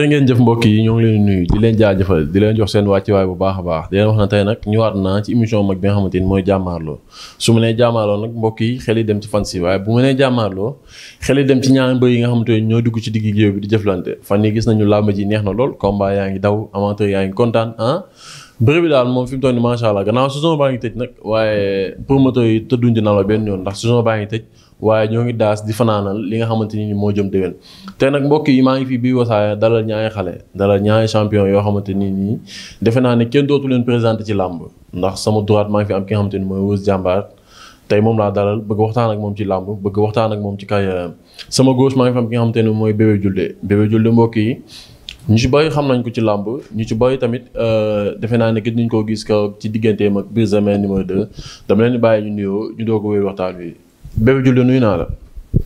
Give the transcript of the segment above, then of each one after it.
jërë ngeen jëf mbokk yi ñoo ngi leen nuyu di leen jaajëfal di leen jox seen wàccuwaay bu baax a baax di leen wax na tey nag ñëwaat naa ci émission mag bi nga xamante ni mooy jàmmaarloo su nag mbokk yi xel yi dem ci fan si waaye bu ma nee xel yi dem ci ñaari mbër yi nga xamante ni ñoo dugg ci digg géew bi di jëflante fan yi gis nañu làmb ji neex na lool combat yaa ngi daw amateur yaa ngi kontaan ah bëri daal moom fi mu toll nii macha allah gannaaw saison baa ngi tëj nag waaye promoteur yi tëdduñ di nalaw benn yoon ndax saison baa ngi tëj waaye ñoo ngi daas di fanaanal li nga xamante ni moo jëm déwén. tey nag mbokk yi maa ngi fi bii wasaare dalal ñaari xale dalal ñaari champion yoo xamante ni nii defe naa ne kenn dootu leen présenté ci làmb ndax sama droite maa ngi fi am ki nga xamante ni mooy Weuz Diambar moom laa dalal bëgg waxtaan ak moom ci làmb bëgg waxtaan ak moom ci kay sama gauche maa am ki nga xamante ni mooy Bébé Diouldé Bébé Diouldé mbokk yi ñu si bari xam nañ ko ci làmb ñu ci bari tamit euh, defe naa ne gis nañ koo gis kaw ci digganteem ak Brise de Mer numéro 2 dama leen di bàyyi ñu nuyoo ñu doog a waxtaan wi Bébé Diouldé nuyu naa la.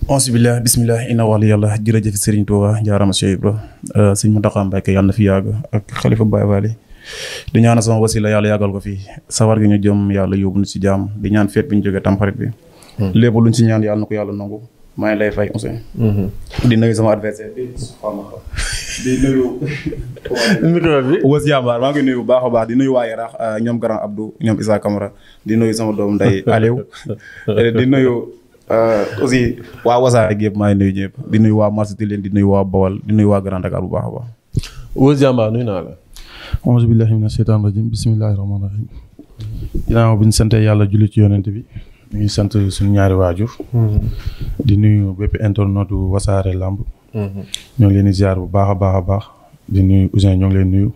onsi billah bismillah inna wali yàlla jërëjëf Serigne Touba jaarama Cheikh Ibra euh, sëñ Mountakha Mbacké yàlla na fi yàgg ak xalifa Baye Wali di ñaana sama wasila yàlla yàggal ko fi sawar gi ñu jëm yàlla yóbbu ñu ci jàmm di ñaan feet bi ñu jógee tamxarit bi. Hmm. lépp luñ ci ñaan yàlla na ko yàlla nangu maa ngi lay fay Ousseyn. Hmm. di nuyu sama adversaire bi di nuyu. bi Wës Jambaar maa ngi nuyu bu baax a baax di nuyu waa Yaraax euh, ñoom Grand Abdou ñoom Issa Camara di nuyu sama doom nday Aliou euh, di nuyu euh, aussi waa Wasaare gi maa ngi nuyu ñëpp di nuyu waa marché di leen di nuyu waa Bawal di nuyu waa Grand Dakar bu baax a baax. Wës Jambaar nuyu naa la. auzu bi ñu sant yàlla julli ci yonent bi. ñu ngi sant suñu ñaari waaju hmm. di nuyu bépp internaute wasaare lamb. ñoo ngi leen di ziar bu baax a baax a baax di nuyu Ousin ñoo ngi leen nuyu.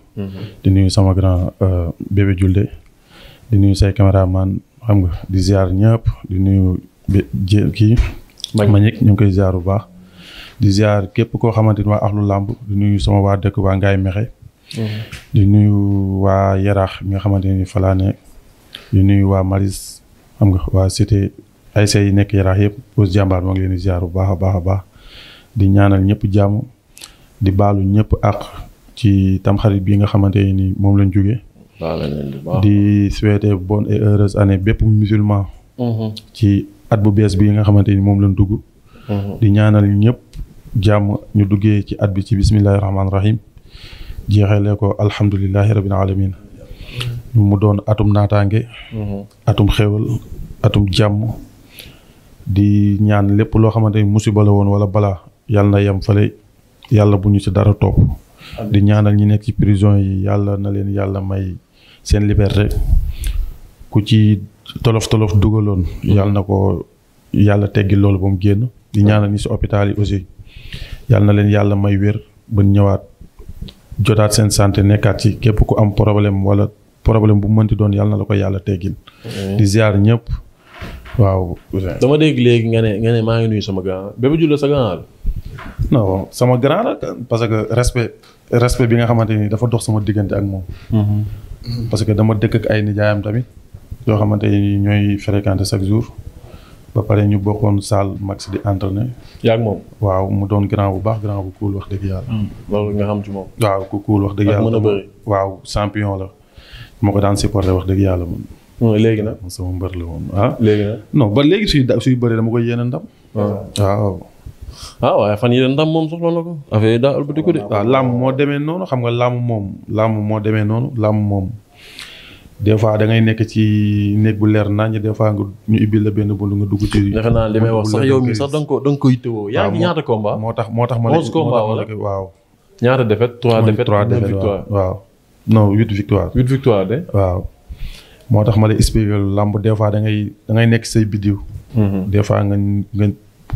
di nuyu sama grand euh, bébé Julde di nuyu say caméraman xam nga di ziar ñëpp di nuyu jé kii. Mañik ñu ngi koy ziar bu baax. di ziar képp koo xamante ni waa axlu làmb di nuyu sama waa dëkk waa Ngaye Mexe. di nuyu waa Yaraax mi nga xamante ni falaa nekk di nuyu waa Maris xam nga waa cité ay say yi nekk Yaraax yëpp pause jàmbaar moo ngi leen di ziar bu baax a baax a baax. di ñaanal ñëpp jàmm di baalu ñëpp ak ci tamxarit bi nga xamante ni moom lañ jóge di souhaiter bonne et heureuse année bépp musulman mm-hmm. ci at bu bees bi nga xamante ni moom lañ dugg mm-hmm. di ñaanal ñëpp jàmm ñu duggee ci at bi ci bismillahi rahmaani rahim jeexalee ko alhamdulilahi rabbil alamin mu doon atum naataange mm-hmm. atum xéwal atum jàmm di ñaan lépp loo xamante ni musiba la woon wala balaa yàlla na yem fële yàlla bu ñu ci dara topp di ñaanal ñi nekk ci prison yi yàlla na leen yàlla may seen liberté ku ci tolof tolof dugaloon yàlla na ko yàlla teggi loolu ba mu génn di ñaanal ñi si hôpital yi aussi yàlla na leen yàlla may wér ba ñëwaat jotaat seen santé nekkaat ci képp ku am problème wala problème bu mënti doon yàlla na la ko yàlla teggil di ziar ñëpp waaw dama dégg léegi nga ne maa ngi nuyu sama gaa Bébé Diouldé sa gaa non sama grand la parce que respect respect bi nga xamante ni dafa dox sama diggante ak moom. Mhm. parce que dama dëkk ak ay nijaayam tamit yoo xamante ni ñooy fréquenté chaque jour ba pare ñu bokkoon salle max di entraîné. yaa ak moom waaw mu doon grand bu baax grand bu cool wax dëgg yàlla. Hmm, loolu xam ci moom. waaw ku cool dëgg yàlla. mën a waaw champion la. ma ko daan supporté wax dëgg yàlla man. Hmm, léegi nag sama mbër la woon ah. léegi nag non ba léegi suy da suy bëree dama koy yéene ndam. Ah. waaw. ah waaye fan yii ndam moom soxla na ko affaire de. waaw làmb moo demee noonu xam nga làmb moom làmb moo demee noonu làmb moom. des fois da nekk ci néeg bu leer naññ des fois nga ñu ibbi la benn bunt nga dugg ci. defe naa li may wax sax yow mi sax da nga ko da nga koy moo tax moo tax ma. 11 combat wala waaw. ñaata défaite 3 défaite 3 défaite victoire waaw. non 8 victoire. 8 victoire de. waaw moo tax ma lay expliquer làmb des fois da ngay da ngay nekk say biddiw. Mhm. des nga nga.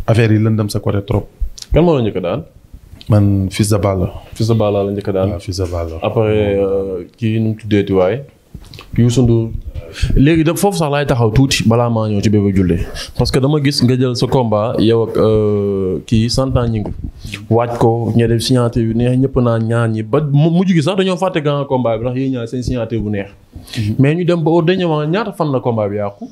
affaire yi lëndëm sa côté trop. kan moo la njëkk daan. man Fils de Balla. Fils de Balla la njëkk daan waaw Fils de Balla. après euh, kii nu mu tuddeeti waay. Youssou léegi da foofu sax laay taxaw tuuti balaa maa ñëw ci Bébé Diouldé parce que dama gis nga jël sa combat yow ak euh, kii santan ñingu waaj ko ñe def signature yu neex ñëpp naa ñaan ñi ba mujj gi sax dañoo fàtte grand combat bi ndax yéen ñaar seen signature bu neex mhm. mais ñu dem ba au dernier moment ñaata fan la combat bi yàqu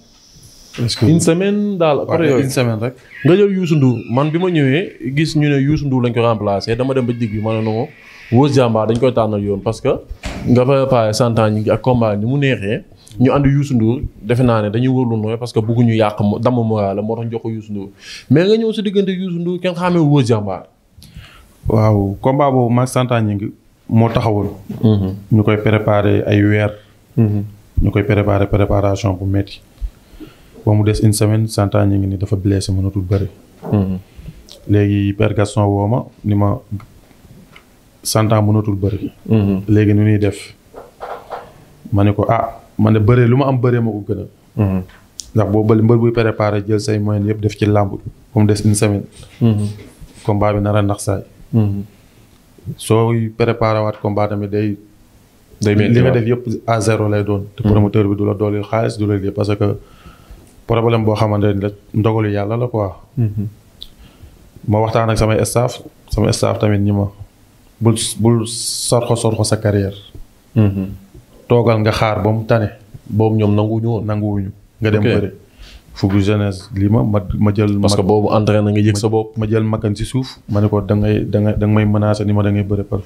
une semaine daal après yooyu semaine rek. nga jël Youssou Ndour man bi ma ñëwee gis ñu ne Youssou Ndour lañ ko remplacé dama dem ba digg bi ma ne non Weuz Diambar dañ koy tànnal yoon parce que nga fa pare cent ans ak combat ni mu neexee. ñu ànd Youssou Ndour naa ne dañuy wërlu nooy parce que bëgguñu yàq damm moral la moo tax jox ko Youssou Ndour mais nga ñëw si diggante Youssou Ndour kenn xamee Weuz Diambar. waaw combat boobu ma cent ans ngi moo taxawul mhm. ñu koy préparé ay weer. Mhm. ñu koy préparé préparation bu métti. ba mu des une semaine santan ñu ngi ni dafa blessé mënatul bëri mm-hmm. léegi Père Gaston woo ma ni ma santan mënatul bari mm-hmm. léegi nu ñuy def ma ne ko ah man ne bëree lu ma am bëree ma ko gënal mm-hmm. ndax boo bëri mbër buy préparé jël say moyens yëpp def ci làmb ba mu des une semaine combat bi nar a nax saay sooy préparé waat tamit day li nga def yëpp à lay doon te promoteur bi du la dooleel xaalis du la lii parce que problème boo xamante ni la ndogalu yàlla la quoi. Mm-hmm. ma waxtaan ak samay staff sama staff tamit ñi ma bul bul sorxo sorxo sa carrière. Mm-hmm. toogal nga xaar ba mu tane boobu ñoom nanguwuñu nanguwuñu nga dem bëri. fukk jeunesse lii ma ma ma jël. parce que boobu entraîné nga yëg sa bopp. ma jël makkan si suuf. ma ne ko da ngay da nga may menacé ni ma da ngay bëri par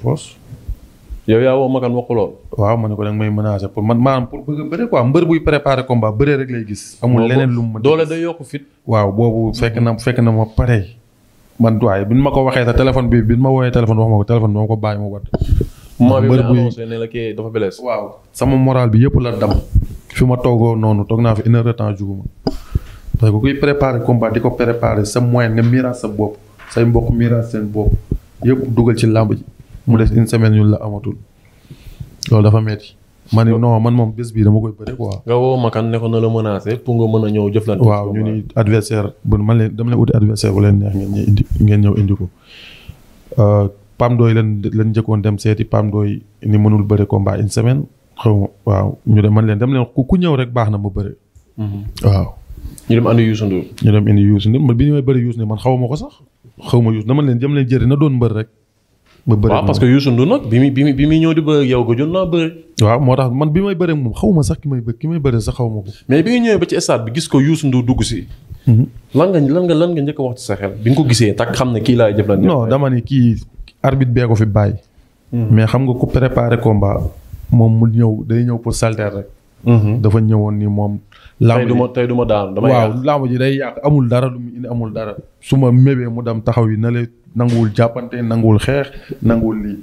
yow yaa woo Makan waxu lool. waaw ma ne ko danga may menacer pour man maanaam pour bëgg a bëre quoi mbër buy préparer combat bëree rek lay gis. amul leneen lu mu doole day yokk fit. waaw boobu fekk na fekk na ma pare. man waaye bi ma ko waxee sa téléphone bi bi ma woowee téléphone wax ma ko téléphone bi ma ko bàyyi ma wadd. mbër buy ne waaw sama moral bi yëpp la dam. fi ma toogoo noonu toog naa fi une heure de temps juguma. parce que kuy préparer combat di ko préparer sa moyen nga miiraat sa bopp say mbokk miiraat seen bopp yëpp dugal ci làmb ji. mu des une semaine ñun la amatul loolu dafa metti ma ne non man moom bés bii dama koy bëre quoi. nga woo Makan ne ko na la menacé pour nga mën a ñëw jëflante. waaw ñu ni adversaire bu man leen dama leen uti adversaire bu leen neex ngeen ñëw indi ngeen ñëw indi ko. Euh, PAM dooy leen leen njëkkoon dem seeti PAM dooy ni mënul bëri combat une semaine xaw ma waaw ñu dem man leen dem leen ku ñëw rek baax na ma bëre. Mhm. waaw. ñu dem andi Youssou Ndour. ñu dem indi bi bëri Youssou ne man xawuma ko sax xaw ma Youssou dama leen jëm leen jëri na doon mbër rek. ba bëri waaw parce que Youssou Ndour nag bi muy bi muy bi muy ñëw di man bi ma sax ki may bë ki may bëri sax xaw ma ko. mais bi nga ko mhm. lan nga lan lan nga njëkk wax ci sa bi nga ko gisee tak xam ne kii laay jëflante. non dama ne kii arbitre bee ko fi bàyyi. Mhm. mais xam nga ku préparé combat moom mu ñëw day ñëw pour salter rek. Mhm. dafa ñëwoon nii moom. lamb ji tey ma tey du ma daanu damay waaw lamb ji day yàq amul dara lu mu amul dara. su ma mébee mu dem taxaw yi na leen nanguwul jàppante nanguwul xeex nanguwul lii.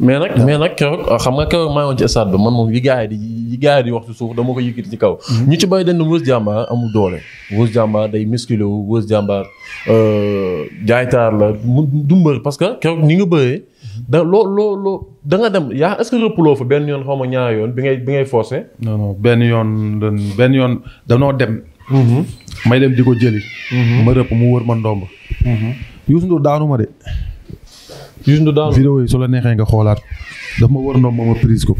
mais nag mais nag keroog ah, xam nga keroog maa ngi woon ci stade bi man moom yi gars yi di yi gars yi di wax suuf dama ko yëkkati ci kaw. Mhm. ñu ci bay dañ ne Weuz Diambar amul doole. Weuz Diambar day musculé wu jàmbar Diambar euh, jaaytaar la mu du mbër parce que keroog ni nga bëree. da loo loo loo da nga dem yaa est-ce que rëppuloo benn yoon xaw ma ñaar yoon bi ngay bi ngay forcé. non benn yoon benn yoon danoo dem. Mhm. may dem di ko jëli. Mhm. ma rëpp mu wër ma ndomb. Youssou Ndour daanu ma de. Youssou Ndour daanu vidéo la neexee nga xoolaat daf ma war a ma ma prise ko.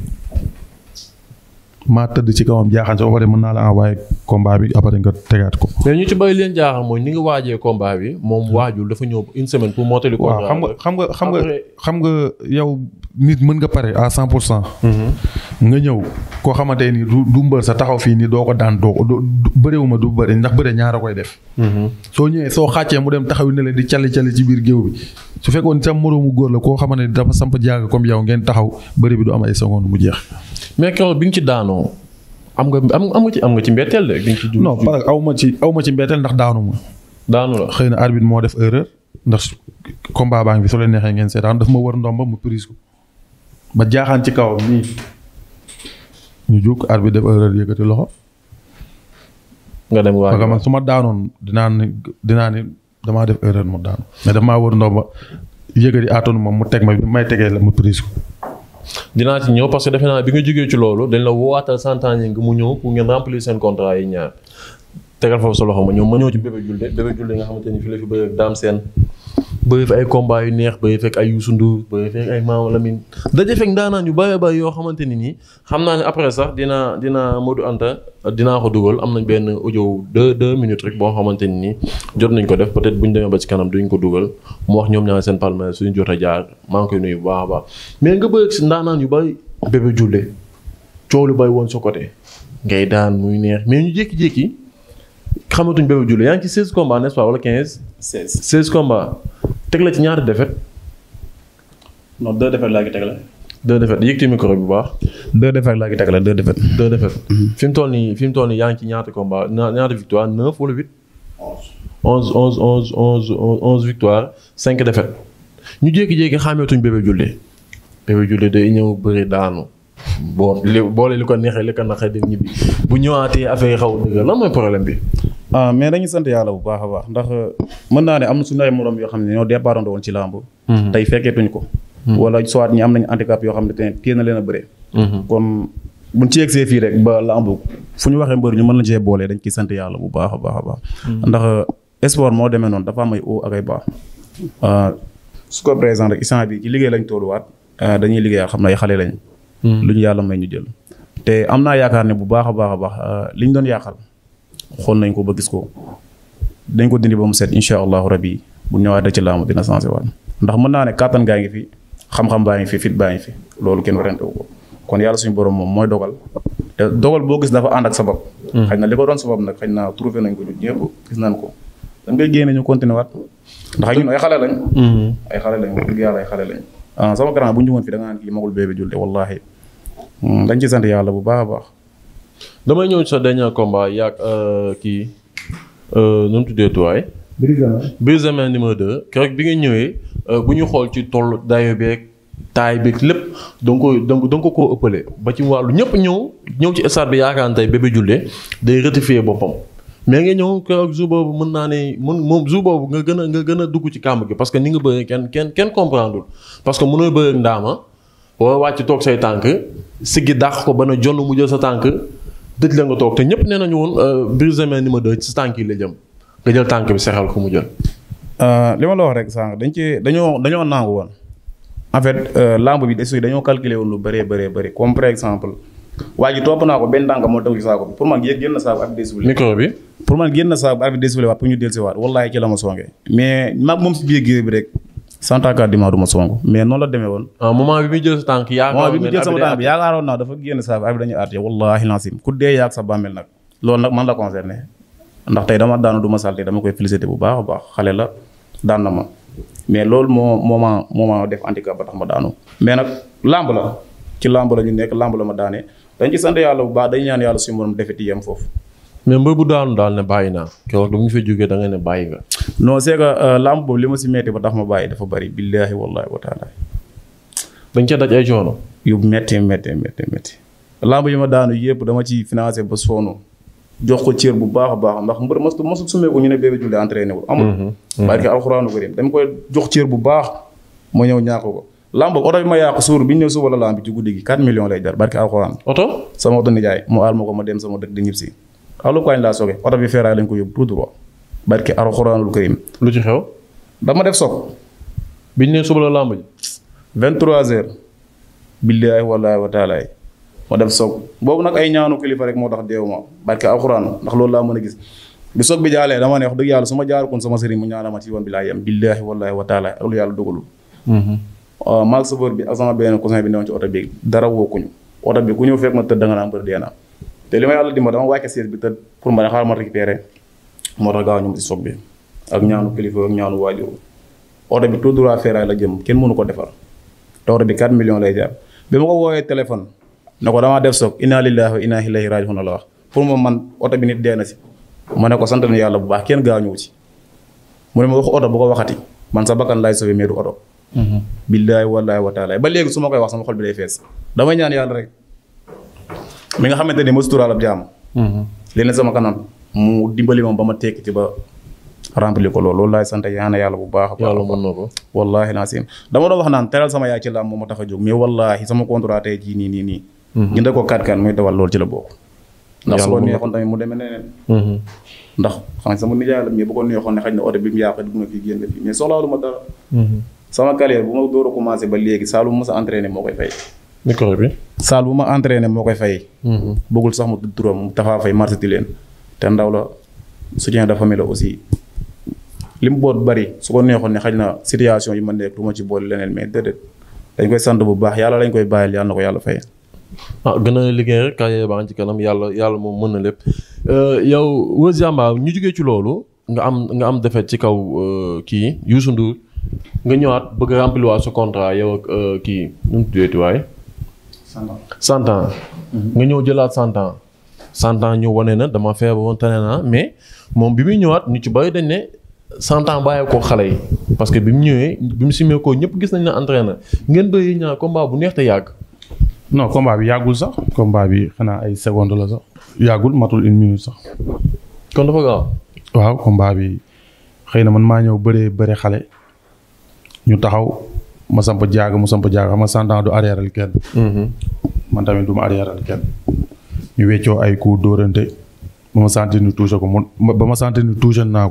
maa tëdd ci kawam jaaxaan sa ba pare mën naa la envoyé combat bi après nga tegaat ko. mais ñu ci bëri leen jaaxal mooy ni nga waajee combat bi moom hmm. waajul dafa ñëw une semaine pour mottali. waaw xam nga xam nga xam nga xam nga yow nit mën nga pare à cent pour cent. Hmm. nga ñëw koo xamante ni du du mbër sa taxaw fii nii doo ko daan doo ko du bëreewuma du bëri ndax bëre ñaar a koy def. Hmm. soo ñëwee soo xàccee mu dem taxaw ne leen di cali cali ci biir géew bi su fekkoon sa moroomu góor la koo xamante ni dafa samp jaaga comme yow ngeen taxaw bëri bi du am ay seconde mu jeex mais keroog bi nga ci daanoo am nga am nga ci am nga ci mbetteel de. bi nga ci dugg non parce que aw ma ci aw ma ci mbetteel ndax daanu ma. daanu la xëy na arbitre moo def erreur ndax combat baa ngi fi soo leen neexee ngeen seetaan daf ma wër ndomba mu prise ko ba jaaxaan ci kawam nii ñu jóg arbitre def erreur yëkkati loxo. nga dem waaye parce que su ma daanoon dinaa dinaa ne damaa def erreur mu daanu mais daf maa wër ndomba yëkkati aatoon moom mu teg ma may tegee la mu prise ko. dinaa ci ñëw parce que defe naa bi nga jógee ci loolu dañ la woowatal santaane nga mu ñëw pour ngeen remplir seen contrat yi ñaar tegal foofu sa loxo ma ñëw ma ñëw ci bébé julde bébé julde nga xamante ni fi la fi bëgg daam seen bëri fa ay combat yu neex bëri fekk ay Youssou Ndour bëri fekk ay Maama Lamine daje fekk ndaanaan yu bëree bëri yoo xamante ni nii xam naa ne après sax dinaa dinaa Modou Anta dinaa ko dugal am nañ benn audio deux deux minutes rek boo xamante ni nii jot nañ ko def peut-être bu ñu demee ba ci kanam duñ ko dugal mu wax ñoom ñaar seen palmarès suñu jot a jaar maa ngi koy nuyu bu baax baax mais nga bëri ndaanaan yu bëri Bébé Diouldé coow lu bëri woon sa côté ngay daan muy neex mais ñu jékki-jékki xamatuñ Bébé Diouldé yaa ngi ci 16 combats n'est-ce teg la ci ñaari défaite. non deux défaites laa ngi teg la. deux défaites yëkkati micro bi bu baax. deux défaites laa ngi teg la deux défaites. deux défaites. Mhm. fi mu toll nii fi mu toll nii yaa ngi ci ñaata combat ñaata victoire neuf wala huit. onze onze onze onze onze victoire cinq défaites. ñu jékki-jékki xàmmeetuñ Bébé Diouldé. Bébé Diouldé day ñëw bëri daanu. bon li boole li ko neexee li ko naxee dem ñibbi bu ñëwaatee affaire yi xaw dëgg lan mooy problème bi. ah mais dañu sant yàlla bu baax a baax ndax uh, mën naa ne na suñu ay yoo xam ne ñoo départandoo woon ci làmb mm-hmm. tey fekkeetuñ ko mm-hmm. wala soit ñi am nañu a bëre mm-hmm. ba làmb fu ñu waxee mbër ñu mën la bu baax a baax a baax ndax uh, sport moo demee noonu dafa am ay haut ak ay bas uh, su ko présent rek instant bi ci liggéey lañ tolluwaat dañuy liggéey xam ne ay xale lañ lu ñu yàlla may jël te am naa yaakaar ne bu baax a baax a baax liñ doon yàqal xool nañ ko ba gis ko dañ ko dindi ba mu set incha allahu rabi bu ñëwaatee ci laamu dina changé waat ndax mën naa ne kàttan gaa ngi fi xam-xam baa ngi fi fit baa ngi fi loolu kenn werante wu ko kon yàlla suñu borom moom mooy dogal dogal boo gis dafa ànd ak sabab. Hmm. xëy na li ko doon sabab nag xëy na trouvé nañ ko ñun ñëpp gis nañ ko. da ngay génne ñu continué ndax ñun ay xale lañ. Hmm. ay xale lañ wax ay xale lañ. ah sama grand bu ñu ñëwoon fii da nga naan kii magul bébé julde wallahi hmm, dañ ci yàlla bu baax a baax damay ñëw sa dernier combat yaag euh, kii euh, nu mu tuddee tuwaay. Brise numéro 2 keroog bi ngay ñëwee euh, bu ñu xool ci toll dayo beeg taay beeg lépp da nga koy da ko koo ëppale ba ci wàllu ñëpp ñëw ñëw ci stade bi yaakaar tey Bébé Diouldé day ratifier boppam. mais nga ñëw keroog jour boobu mën naa ne mën moom jour boobu nga gën a nga gën a dugg ci kàmb gi parce que ni nga bëree kenn kenn kenn comprendre parce que mënoo bëre ak ndaama wala wàcc toog say tànk siggi dàq ko ba na jonn jël sa tànk. dëj la nga toog te ñëpp nee nañu woon euh, Brise de Mer numéro 2 ci tànk yi la jëm nga jël tànk bi sexal ko mu jël. Euh, li ma la wax rek sànq dañ ci dañoo dañoo nangu woon en fait euh, lamb bi des dañoo calculer woon lu bare bare bëri comme par exemple waa ji topp naa ko benn tànk moo tegu ci saako bi pour man yéeg génn saako arbitre soufflé micro bi pour man génn saako arbitre soufflé waat pour ñu dellusiwaat wallaahi ci la ma songee mais maag moom si biir géew bi rek sans tànkaat di maa du ma songu mais noonu la demee woon. Ah, moment bi muy jël sa tànk yaakaaroon moment bi muy jël sama tànk bi yaakaaroon naa dafa génn saa bi dañuy àtte wallaahi lancim ku dee yaag sa bàmmeel nag loolu nag man la concerné ndax tey dama daanu du ma salté dama koy félicité bu baax a baax xale la daan na ma mais loolu moo moment moment def handicap ba tax ma daanu. mais nag làmb la ci làmb la ñu nekk làmb la ma daane dañ ci sant yàlla bu baax dañ ñaan yàlla suñu morom defeti yem foofu. mais mbër bu daanu daal ne bàyyi naa keroog bu ñu fa jógee da ne bàyyi nga. non c'est que euh, lamb li ma si metti ba tax ma bàyyi dafa bari billaahi wallaahi wa taala. dañ ca daj ay coono. yu métti métti métti lamb yi ma daanu yëpp dama ci financé ba sonn jox ko cër bu baax a baax ndax mbër ma masul sumee ko ñu ne Bébé Diouldé entraîné wul amul. parce mm-hmm, mm-hmm. que alxuraanu karim dama koy jox cër bu baax ma ñëw ñàkk ko. lamb oto bi ma yàqu suur bi ñu ne suba la lamb ci guddi gi 4 million lay jar barke alxuraan. oto sama oto nijaay mu aal ma ko ma dem sama dëkk di ñibbi si xalu ko laa soge oto bi feeraay lañ ko yóbbu tout droit barki alxuraanul karim lu ci xew dama def soog biñ ne suba la làmb ji vingt-trois heures billaahi wallaahi wa taala ma def soog boobu nag ay ñaanu kilifa rek moo tax deewuma barki alxuraan ndax loolu laa mën a gis bi soog bi jaalee dama ne wax dëgg yàlla su ma jaarukoon sama sëriñ mu ñaanama ci yoon bi laa yem billaahi wallaahi wa ak lu yàlla dogalul mm-hmm. ah, maag chauffeur bi ak sama benn cousin bi newoon ci oto bi dara wookuñu oto bi ku da nga naa mbër te li ma yàlla di ma dama wàcce siège bi te pour ma ne xaaral ma récupéré moo tax gaaw ñu ma si bi ak ñaanu kilifa ak ñaanu waajur oto bi tout droit ferraille la jëm kenn mënu ko defar te oto bi 4 million lay jaar bi ma ko woowee téléphone ne ko damaa def soog inna lillahi wa inna ilayhi raji'un la wax pour ma man oto bi nit dee na si ma ne ko sant na yàlla bu baax kenn gaañuwu ci mu ne ma wax oto bu ko waxati man sa bakkan laay sauvé mais du oto mhm. billaay wallaay wa ba léegi su ma koy wax sama xol bi ñaan yàlla rek mi nga xamante ni ma suturaal ab jaam. Mhm. li ne sama kanam mu dimbali ma ba ma ci ba rempli ko loolu loolu laay sant yaa na yàlla bu baax. yàlla mën na ko wallaahi naa si dama doon wax naan teral sama yaay ci làmb tax a jóg mais wallaahi sama contrat tey nii nii nii. jënd mhm. ko kat kan muy dawal loolu ci la bokk. ndax su ko neexoon tamit mu demee mhm. ndax xam sama nijaay la mais bu ko neexoon ne xëy na oto bi mu yàq dugg na fii génn fii mais soxlaalu ma dara. sama carrière bu ma door a ba léegi saa ma sa entraîné moo koy fay. école bi. saal bu ma entraîné moo koy fay. Mhm. bëggul sax mu tudd turam fay marché ti leen te ndaw la soutien de famille la aussi li mu boot bari su ko neexoon ne xaj na situation yi ma nekk du ci boole leneen mais déedéet dañ koy sant bu baax yàlla lañ koy bàyyil yàlla na ko yàlla fay. Ah, gën a liggéey rek kaay baa ngi ci kanam yàlla yàlla moom mën na lépp euh, yow Weuz Yamba ñu jugee ci loolu nga am nga am defet ci kaw euh, kii Youssou Ndour nga ñëwaat bëgg a remplir waa sa contrat yow ak euh, kii nu cent ans mm-hmm. nga ñëw jëlaat cent ans cent ans ñu wane na dama feebaroon tane naa mais moom bi muy ñëwaat ñu ci bari dañ ne cent ans bàyyi xale yi parce que bi mu ñëwee bi mu simee ko ñëpp gis nañ ne na ngeen bëri ñaar combat bu neex te yàgg non combat bi yàggul sax combat bi xanaa ay seconde la sax yàggul matul une minute sax kon dafa gaaw waaw combat bi xëy na man maa ñëw bëree bëri xale ñu taxaw ma samp jaaga mu samp jaaga xam nga cent ans du arrièreal kenn. Mm-hmm. man tamit du ma kenn. ñu weccoo ay coups dóorante ba ma sentir ni touché ko mu ba ma sentir ni touché naa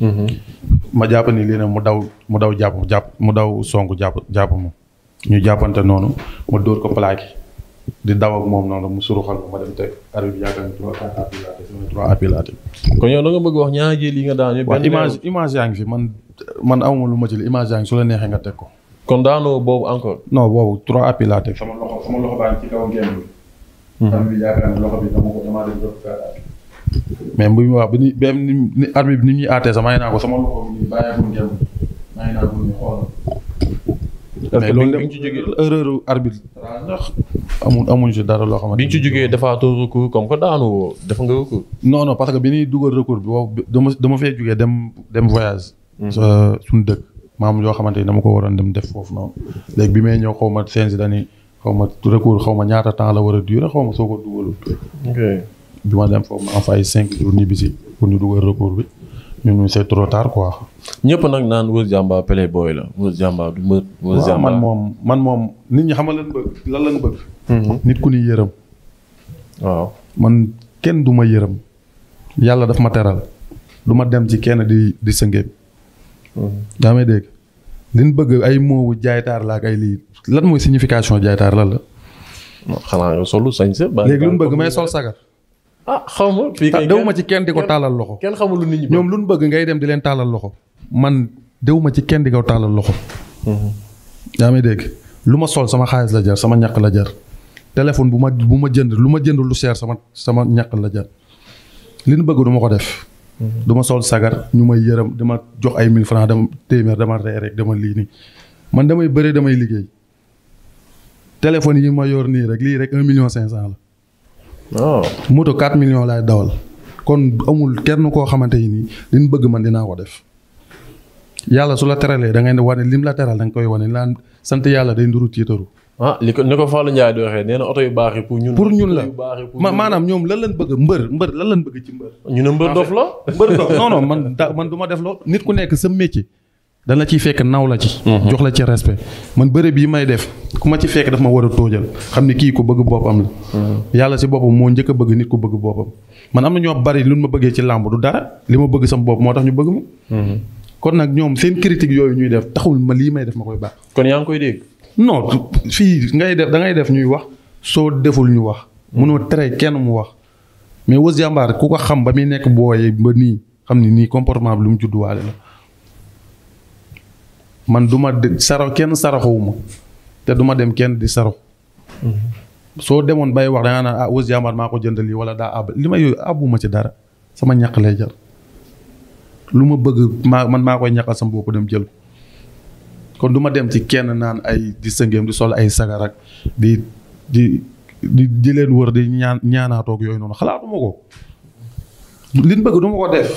mm-hmm. jàpp ni lii nag mu daw mu daw jàpp jàpp mu daw sonk jàpp jàpp ma. ñu jàppante noonu ma dóor ko plaqué di daw ak moom noonu mu suruxal ma dem teg arbitre bi yaakaar ni nga yi nga daan. benn image image yaa fi man man amuma lu ma ci image yaa ngi su la neexee nga teg ko. kon daanoo boobu encore. non boobu trois appuis hmm. mais bu ñu wax ba ñuy même ni ni bi ni ñuy aatee sax may naa ko sama loxo bi ñu bàyyeekul génn ko ñu mais loolu lépp ci jógee erreur arbitre. ndax amul amuñ si dara loo xamante bi ñu ci jógee defaatoo recours comme que daanu def nga recours. non non parce que bi ñuy dugal recours bi boobu dama dama fee jógee dem dem voyage. Hmm. sa dëkk. maam yoo xamante ni dama ko waroon dem def foofu noonu léegi bi may ñëw xaw ma CNG dañuy xaw ma recours xaw ma ñaata temps la war a durer xaw ma soo ko dugalul. bi ma dem foofu ma am ay cinq jours ñibbi pour ñu dugal recours bi ñun ñu c'est trop tard quoi. ñëpp nag naan Weuz Diamba playboy la Weuz Diamba du mbër. Weuz man moom man moom nit ñi xamal lan bëgg lan lan bëgg. Mhm. nit ku ni yërëm. waaw man kenn du ma yërëm. yàlla daf ma teral. du ma dem ci kenn di di sëngéem. daa may dégg liñ bëgg ay moowu jaaytaar la ak lii lan mooy signification jaaytaar lan la. xanaa nga solu sañ sa. léegi lu ñu bëgg may sol sagar. Ah, xaw ma fii kay dewuma ci kenn di ko tàllal loxo. kenn xamul lu nit ñi ñoom lu ñu bëgg ngay dem di leen tàllal loxo. man dewuma ci kenn di ko tàllal loxo. yaa mm-hmm. may dégg lu ma sol sama xaalis la jar sama ñàkk la jar. téléphone bu ma bu ma jënd lu ma jënd lu seer sama sama ñàkk la jar. li bëgg du ma ko def. du sol sagar ñu may yërëm dama jox ay mille francs dama téeméer dama rey rek dama lii nii man damay bëre damay liggéey téléphone yi ma yor nii rek lii rek un million cinq cent la. Oh. moto quatre millions laay dawal. kon amul kenn koo xamante ni liñ bëgg man dinaa ko def yàlla su la teralee da ngay wane lim la teral da nga koy wane naan sant yàlla day nduru tiitaru ah li ko ni ko Fallou Ndiaye di waxee nee na oto yu baax yi pour ñun. pour ñun la ma maanaam ñoom lan lañ bëgg mbër mbër lan lañ bëgg ci mbër. ñu ne mbër dof la. mbër dof man da man du def lool. nit ku nekk sa métier. dana ciy fekk naw la ci. Mhm. jox la ci respect. man bëre bii may def ku ma ci fekk daf ma war a tóojal xam ne kii ku bëgg boppam la. Mhm. yàlla si boppam moo njëkk bëgg nit ko bëgg boppam. man am na ñoo bari lu ma bëggee ci làmb du dara li ma bëgg sam bopp moo tax ñu bëgg ma. Mhm. kon nag ñoom seen critique yooyu ñuy def taxul ma lii may def ma koy baax. kon yaa ngi koy dégg non fii ngay def da def ñuy wax soo deful ñu wax. mënoo tere kenn mu wax. mais Weuz Diambar ku ko xam ba muy nekk booy ba nii xam ni nii comportement bi lu mu judduwaale man du ma sarax kenn saraxuwuma te du dem kenn di saraxu. Mhm. soo demoon bay wax da ngaa naan ah Weuz Diambar maa ko jënd lii wala daa àbb li ma yooyu àbbuma ci dara sama ñaq lay jar lu ma bëgg maa man maa koy ñaqal sama bopp dem jël kon du ma dem ci kenn naan ay di di sol ay sagarak di di di di leen wër di ñaan ñaanaatoog yooyu noonu xalaatuma ko. lin bëgg du ma ko def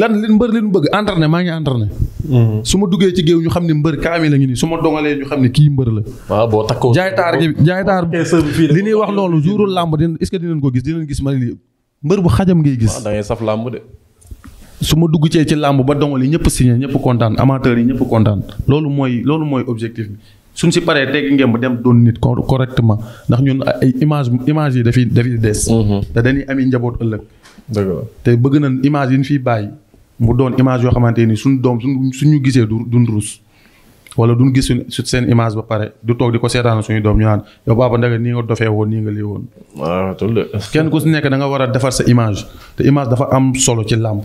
lan lin mbër lin bëgg entraîné maa ngi entraîné. Mhm. su ma duggee ci géew ñu xam ne mbër kaami la ngi nii su ma dongalee ñu xam ne kii mbër la. waaw boo takkoo jaay taar gi jaay taar li ñuy wax loolu juurul làmb dinañ est-ce que ko gis dinañ gis ma lii mbër bu xajam ngay gis. waaw da ngay de. su ma dugg cee ci làmb ba dongal yi ñëpp signé ñëpp kontaan amateur yi ñëpp kontaan loolu mooy loolu mooy objectif bi suñ si paree teg ngeen ba dem doon nit correctement ndax ñun ay image image yi dafiy dafiy des. Mm-hmm. te dañuy ami njaboot ëllëg. te bëgg nañ image yi ñu fiy bàyyi mu doon image yoo xamante ni suñ doom suñ suñu gisee du duñ rus. wala duñ gis su seen image ba pare du toog di ko seetaan suñu doom ñu naan yow papa ndeke nii nga dofee woon nii nga lii woon. kenn ku si nekk da nga war a defar sa image te image dafa am solo ci làmb.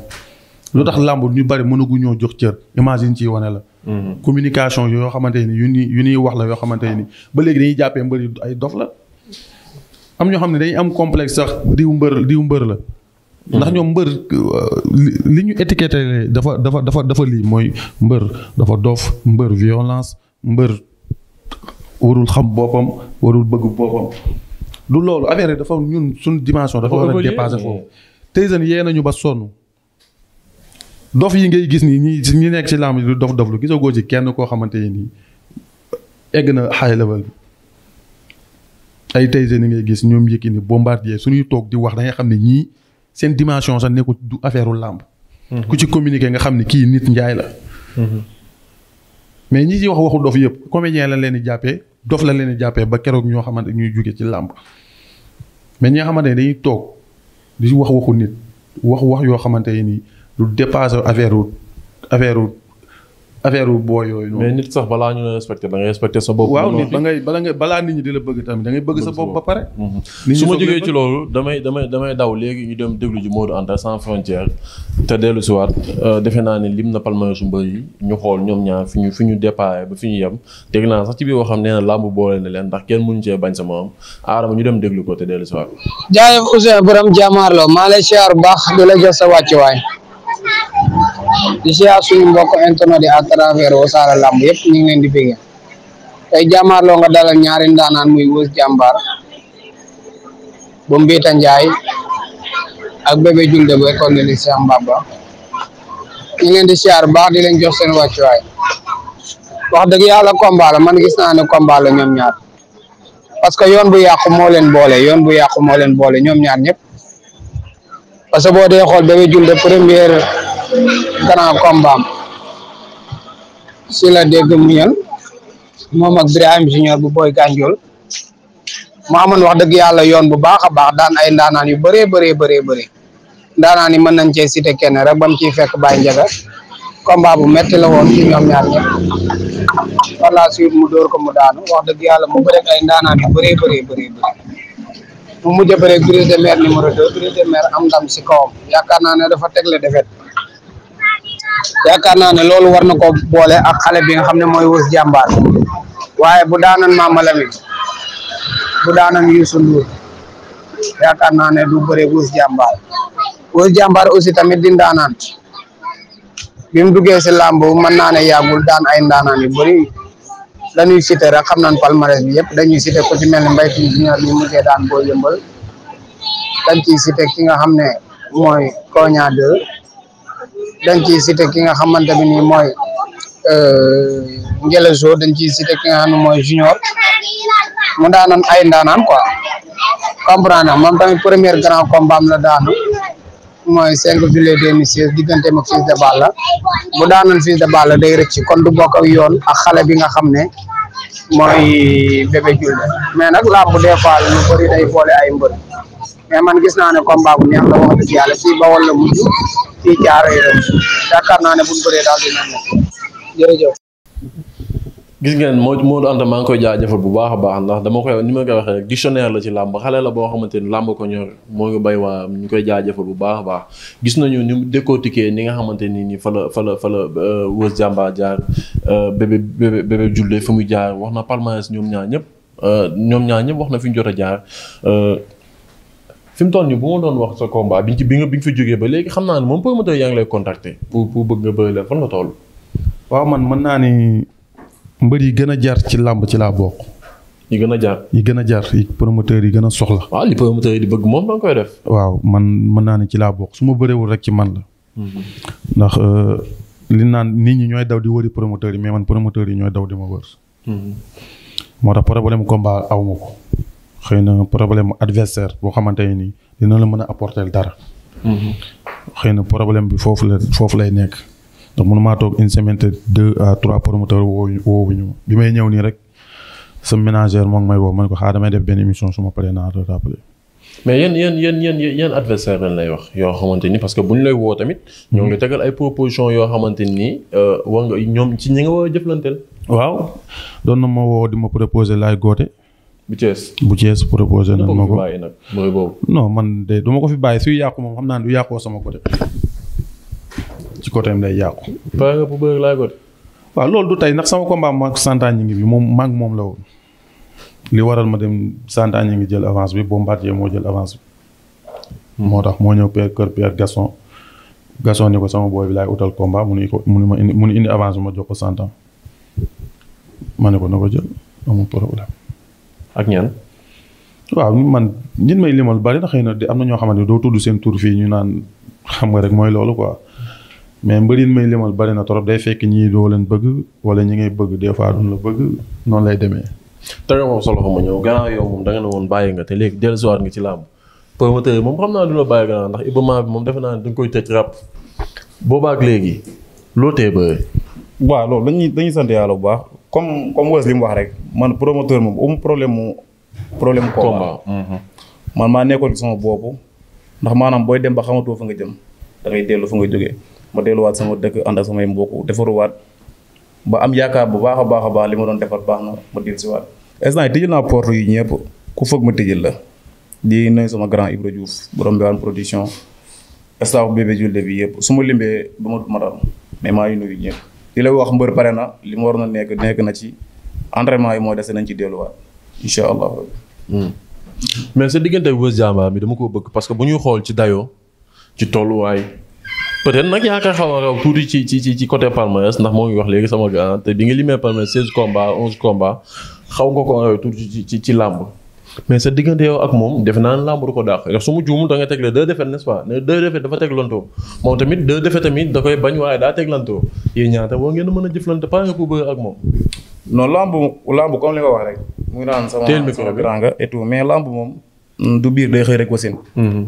lu tax làmb ñu bari mënagu ñoo jox cër imagine ci wane la. Mm-hmm. communication yoo xamante ni yu ni yu ñuy wax la yoo xamante ni ba léegi dañuy jàppee mbër ay dof la. am ñoo xam ne dañuy am complexe sax diw mbër diw mbër la. ndax ñoom mbër euh, li ñu étiqueté dafa dafa dafa dafa lii mooy mbër dafa dof mbër violence mbër warul xam boppam warul bëgg boppam. du loolu affaire dafa ñun suñu dimension. dafa war a dépasser foofu. Tyson yee nañu ba sonn. dof yi ngay gis nii ñi ñi nekk ci làmb ji dof dof lu gisagoo ci kenn koo xamante ni egg na high level bi ay tey ni ngay gis ñoom yëkki ni bombardier suñuy toog di wax da xam ne ñii seen dimension sax nekkul du affaire làmb mm-hmm. ku ci communiqué nga xam ne kii nit njaay la. Mm-hmm. mais ñi ci wax waxu dof yëpp comédien la leen di jàppee dof la leen jàppee ba keroog ñoo xamante ñuy jóge ci làmb mais ñi nga xamante ne dañuy toog di wax waxu nit wax wax yoo xamante ni. lu dépassé affaire affaire affaire boo yooyu. mais nit sax balaa ñu la respecté da ngay respecté sa bopp. da ngay bala nga balaa nit ñi di la bëgg tamit da ngay bëgg sa bopp ba pare. Mmh. su ma jógee ci loolu damay damay damay daw léegi ñu dem déglu ji Modou Anta sans frontière. te dellu si waat euh, defe naa ne lim na palmarèsu mbër yi ñu xool ñoom ñaar fi ñu fi ñu déparé ba fi ñu yem dégg naa sax ci biir waxam nee na làmb boole na leen ndax kenn mënuñu cee bañ sa moom aarama ñu dem déglu ko te dellu si waat. jaajëf Ousseyn Borom Jamarloo bu baax di siyaar suñu mbokk internet yi à travers Wassare Lamb yëpp ñu ngi leen di béggee tey jàmmaarloo nga dalal ñaari ndaanaan muy Weuz Jàmbaar bu Mbiita Njaay ak Bébé Julde bu école de lycée Mbaba ñu di siyaar baax di leen jox seen wàccuwaay wax dëgg yàlla combat la man gis naa ne combat la ñoom ñaar parce que yoon bu yàqu moo leen boole yoon bu yàqu moo leen boole ñoom ñaar ñëpp parce que boo dee xool Bébé Julde première grand combat si la dégg mu ñëw moom ak Birahim Junior bu Boy Gandiol mu amoon wax dëgg yàlla yoon bu baax a baax daan ay ndaanaan yu bëree bëree bëree bëri ndaanaan yi mën nañ cee cité kenn rek ba mu ciy fekk Baye Ndiaga combat bu metti la woon ci ñoom ñaar ñëpp par la suite mu dóor ko mu daanu wax dëgg yàlla mu bëreeg ay ndaanaan yu bëree bëree bëree bëri mu mujj a bëreeg Brise de Mer numéro 2 Brise de Mer am ndam si kawam yaakaar naa ne dafa tegle defet yaakaar naa ne loolu war na ko boole ak xale bi nga xam ne mooy wus jàmbaar waaye bu daanoon Mama Lamine bu daanoon Youssou Ndour yaakaar naa ne du bëre wus jàmbaar wës jàmbaar aussi tamit di ndaanaan bi duggee si làmb mën naa ne yàggul daan ay ndaanaan yu bëri dañuy cité rek xam nañ palmarès bi yëpp dañuy cité ku ci mel ne Mbaye Tine Junior bi mujjee ki nga xam ne mooy Koña 2 dañ ciy cité ki nga xamante ne nii mooy euh, Ngele Jo dañ ciy cité ki mooy junior mu daanoon ay ndaanaan quoi comprendre moom tamit premier grand combat am la daanu mooy 5 juillet 2016 digganteem ak Fils de Balla bu daanoon Fils de bala day rëcc kon du bokk ak yoon ak xale bi nga xam ne mooy bébé Diouldé mais nag làmb des ay mbër. mais man gis naa ne combat bu neex la wax dëgg yàlla fii Bawol moo Modou Anta ngi koy jaajëfal bu baax a baax ndax dama koy ni ma koy waxee rek dictionnaire la ci làmb xale la boo xamante ni làmb ko ñor moo ngi bay waa ñu koy jaajëfal bu baax a baax gis nañu ni mu décortiquer ni nga xamante nii nii fa la fa la fa la euh, Weuz Diambar jaar euh, bébé bébé bébé fi mu jaar wax na palmarès ñoom ñaar ñëpp euh, ñoom ñaar ñëpp wax na fi ñu a jaar fi mu toll nii bu ma doon wax sa combat bi bi nga bi nga fi jógee ba léegi xam naa ne moom promoteur yaa ngi lay contacter pour pour bëgg nga bëri la fan nga toll. waaw man naa ni mbër yi gën a jar ci làmb ci laa bokk. yi gën a jar yi gën a jar yi promoteur yi gën a soxla. waaw di bëgg moom waaw man mën naa ni ci laa bokk su ma bëreewul rek ci man la. Mhm. ndax euh, li naan nit ñi ñooy daw di wëri promoteur yi mais man promoteur yi ñooy daw di ma wër. Mhm. moo tax problème combat aw ma ko. xëy na problème mu adversaire boo xamante ne nii dina la mën a apporter dara. Mm-hmm. xëy na problème bi foofu la foofu lay nekk. donc mënumaa toog une semaine te deux à trois promoteurs woo woowuñu ma bi may ñëw nii rek sa ménagère moo ngi may woo man ko xaar ah, damay def benn émission su ma paree naa la rappeler. mais yéen yéen yéen yéen yéen adversaire lañ lay wax yoo xamante ni parce que bu ñu lay woo tamit. ñoo ngi mm-hmm. tegal ay proposition yoo xamante ni euh, war nga ñoom ci ñi nga war a jëflanteel. waaw doon na ma woo di ma proposer laay goote. bu Thiès bu Thiès proposé na ma ko non man de du ma ko fi bàyyi suy yàqu moom xam naa du yàqoo sama côté. ci côté am lay yàqu. pare nga pour bëgg laay côté. waaw loolu du tey ndax sama combat maag santaan ñi ngi bi moom maag moom la woon li waral ma dem santaan ñi ngi jël avance bi Bombardier moo jël avance bi. moo tax moo ñëw Pierre kër Pierre Gasson ni ko sama booy bi laay utal combat mu ni ko mu ni indi mu ni indi avance bi ma jox ko santaan ma ne ko na ko jël amul problème. ak ñan. waaw man ñin may limal bari na xëy na di am na ñoo xamante ne doo tudd seen tur fii ñu naan xam nga rek mooy loolu ko mais mbëri may limal bari na trop day fekk ñii doo leen bëgg wala ñi ngay bëgg des fois duñ la bëgg noonu lay demee. tere moom solo fa ma ñëw gannaaw yow moom danga woon bàyyi nga te léegi dellusiwaat nga ci làmb promoteur yi moom xam naa du la bàyyi gannaaw ndax Ibama bi naa ne dañ koy tëj rap boobaak léegi loo tee bëre. waaw loolu dañuy dañuy sant yàlla bu baax comme comme Wes li mu wax rek man promoteur moom amul problème mu problème combat mhm. man maa nekkoon ci sama ndax maanaam booy dem ba xamatoo fa nga jëm da dellu fa nga jógee ma delluwaat sama dëkk ànd ak samay mbokk defaruwaat ba am yaakaar bu baax a baax a baax li ma doon defar baax na ma dellu siwaat instant yi tëjël naa yi ñëpp ku fëgg ma tëjël la di nuyu sama grand Ibra Diouf borom bi waan production staff yëpp su ma limbee du mais maa ngi nuyu li la wax mbër pare na li mu war na nekk nekk na ci entraînement yi moo dese nañ ci delluwaat incha allah. Hmm. mais sa diggante Weuz Diambar bi dama ko bëgg parce que bu ñuy xool ci dayoo ci tolluwaay peut-être nag yaa kay xaw a raw tuuti ci ci ci ci côté palmarès ndax moo ngi wax léegi sama gars te bi nga limee palmarès 16 combats 11 combats xaw nga ko raw tuuti ci ci ci làmb. mais sa diggante yow ak moom defe naa ne làmb du ko dàq ndax su ma juumul da nga teg le deux défaites n'est-ce pas ne deux défaites dafa teg lantoo moom tamit deux défaites tamit da teg lantoo a jëflante pas nga ko bëgg ak rek mu ngi naan sama sama biranga et tout mais làmb moom mm, du biir day xëy rek wasin mm-hmm.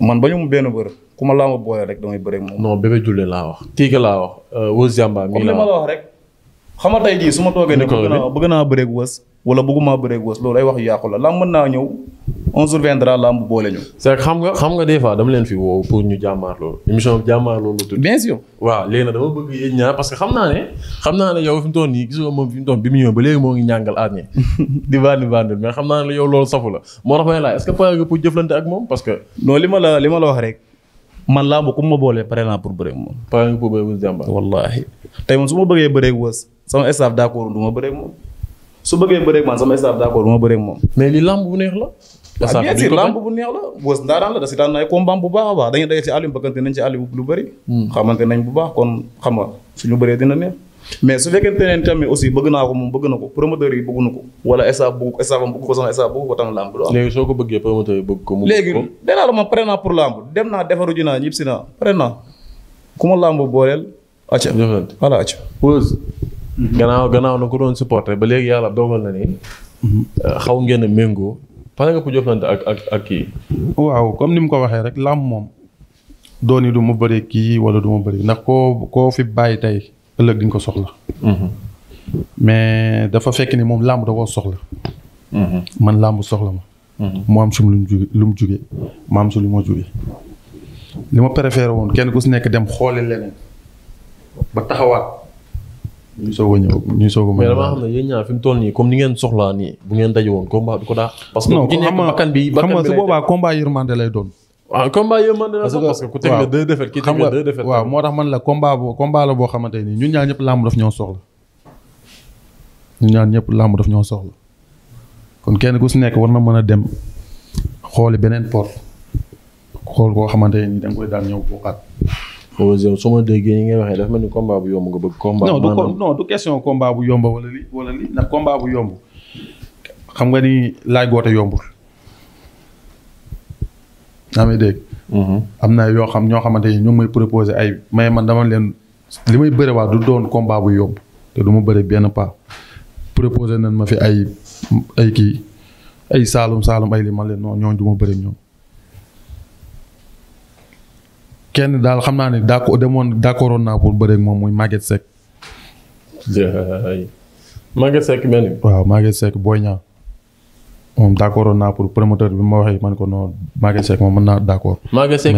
man ba ñu mu benn bër ku ma làmb boole rek damay bëre moom non bébé Diouldé laa wax kii ga laa wax wës jàmba mi la wax rek xam nga tey jii su ma toogee ne bëgg naa bëgg naa bëreeg wala bëgguma bëree góos loolu ay wax yu yàqu la lamb mën naa ñëw on surviendra lamb boole ñu. c'est xam nga xam nga des fois dama leen fi woo pour ñu jàmmaar loolu naa ne xam naa ne yow fi mu toll nii gis nga moom fi mu toll bi mu ñëw ba léegi moo ngi ñàngal aat di vandi vandi mais xam naa ne yow loolu safu la moo tax may laaj est-ce pare nga pour jëflante ak moom parce que. non li ma la li ma la wax rek. man laa ku ma boolee pare naa pour bëreeg moom. pare nga pour bëreeg moom su bëggee bëreeg man sama staff d'accord ma bëreeg moom. mais li lamb bu neex la. waaw ah, bien sûr lamb bu neex la Weuz ndaanaan la bu baax a baax dañuy daje si hmm. xamante nañ bu baax kon xam suñu bëree dina neex. mais su fekkente ne tamit aussi bëgg naa ko moom bëgg na ko promoteur yi bëggu na ko wala staff bëgg ko sama staff bëgg ko tam lamb la. léegi soo ko bëggee promoteur yi bëgg ko. mu léegi dinaa la ma pare pour lamb dem naa defaru ji naa ñib si naa pare naa ku lamb booleel acca voilà acca Mhm. gannaaw gannaaw na ko doon supporter ba léegi yàlla dogal na ni. Mhm. xaw ngeen méngoo. pare nga ko jëflante ak ak kii. waaw comme ni mu ko waxee rek làmb moom. dooni du ma bëri kii wala du ma bëri ndax koo fi bàyyi tey ëllëg di ko soxla. Mhm. mais dafa fekk ni moom làmb da koo soxla. man làmb soxla ma. mu am sum lu mu jugee mu am su lu ma jugee. li ma préféré woon kenn ku si nekk dem xoole leneen ba taxawaat. ñu soog a ñëw ñu soog a xam ne yéen ñaar fi mu toll nii comme ni ngeen soxlaa nii bu ngeen daje woon combat du ko daax. Ah, que ku nekk bakkan bi lay doon. waaw combat yërmande kii teg nga deux défaites waaw moo tax man la combat boo combat la xamante nii ñun ñaar ñëpp làmb daf ñoo soxla ñëpp làmb daf ñoo soxla kon kenn ku si nekk war na mën a dem xooli beneen porte xool koo xamante nii da nga koy daan ñëw bokkaat Pause soo ma déggee yi ngay waxee dafa mel ni combat bu yomb nga bëgg. combat non du non du question combat bu yomb wala li wala li ndax combat bu yomb xam nga ni laaj goote yombul. naa may dégg. Mm-hmm. am naa yoo xam ñoo xamante ni ñoom may proposé ay may man dama leen li may bëre waa du doon combat bu yomb te du ma bëre benn pas proposé nan ma fi ay ay kii ay saalum saalum ay li man leen non ñooñu duma ma bëre ñoom. kenn daal xam naa ne d' demoon d' accordoon naa pour moom muy Maguette Seck. jaay Maguette Seck mel waaw Maguette Seck Boy Niang moom d' accordoon naa pour promoteur bi ma waxee man ko non Maguette Seck mën naa d' accord. ma ci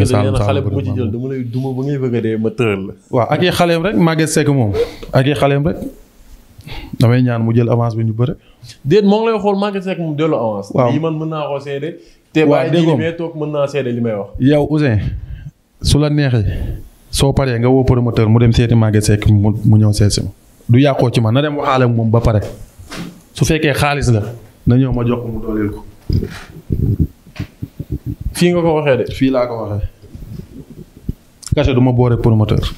jël dama lay duma ba ngay a dee ma tëral la. waaw ak i xaleem rek Maguette moom ak i xaleem rek. damay ñaan mu jël avance bi ñu bëre. déet moo lay xool Maguette Seck mu delloo avance. lii man mën naa koo seede. te waaye lii li may toog mën naa seede li may wax. yow Ousseyn. su la neexee soo paree nga woo promoteur mu dem seeti Maguette Seck mu mu ñëw seesi ma du yàqoo ci man na dem waxaale moom ba pare su fekkee xaalis la na ñëw ma jox mu dooleel ko. fii nga ko waxee de fii laa ko waxee. kase du ma boore promoteur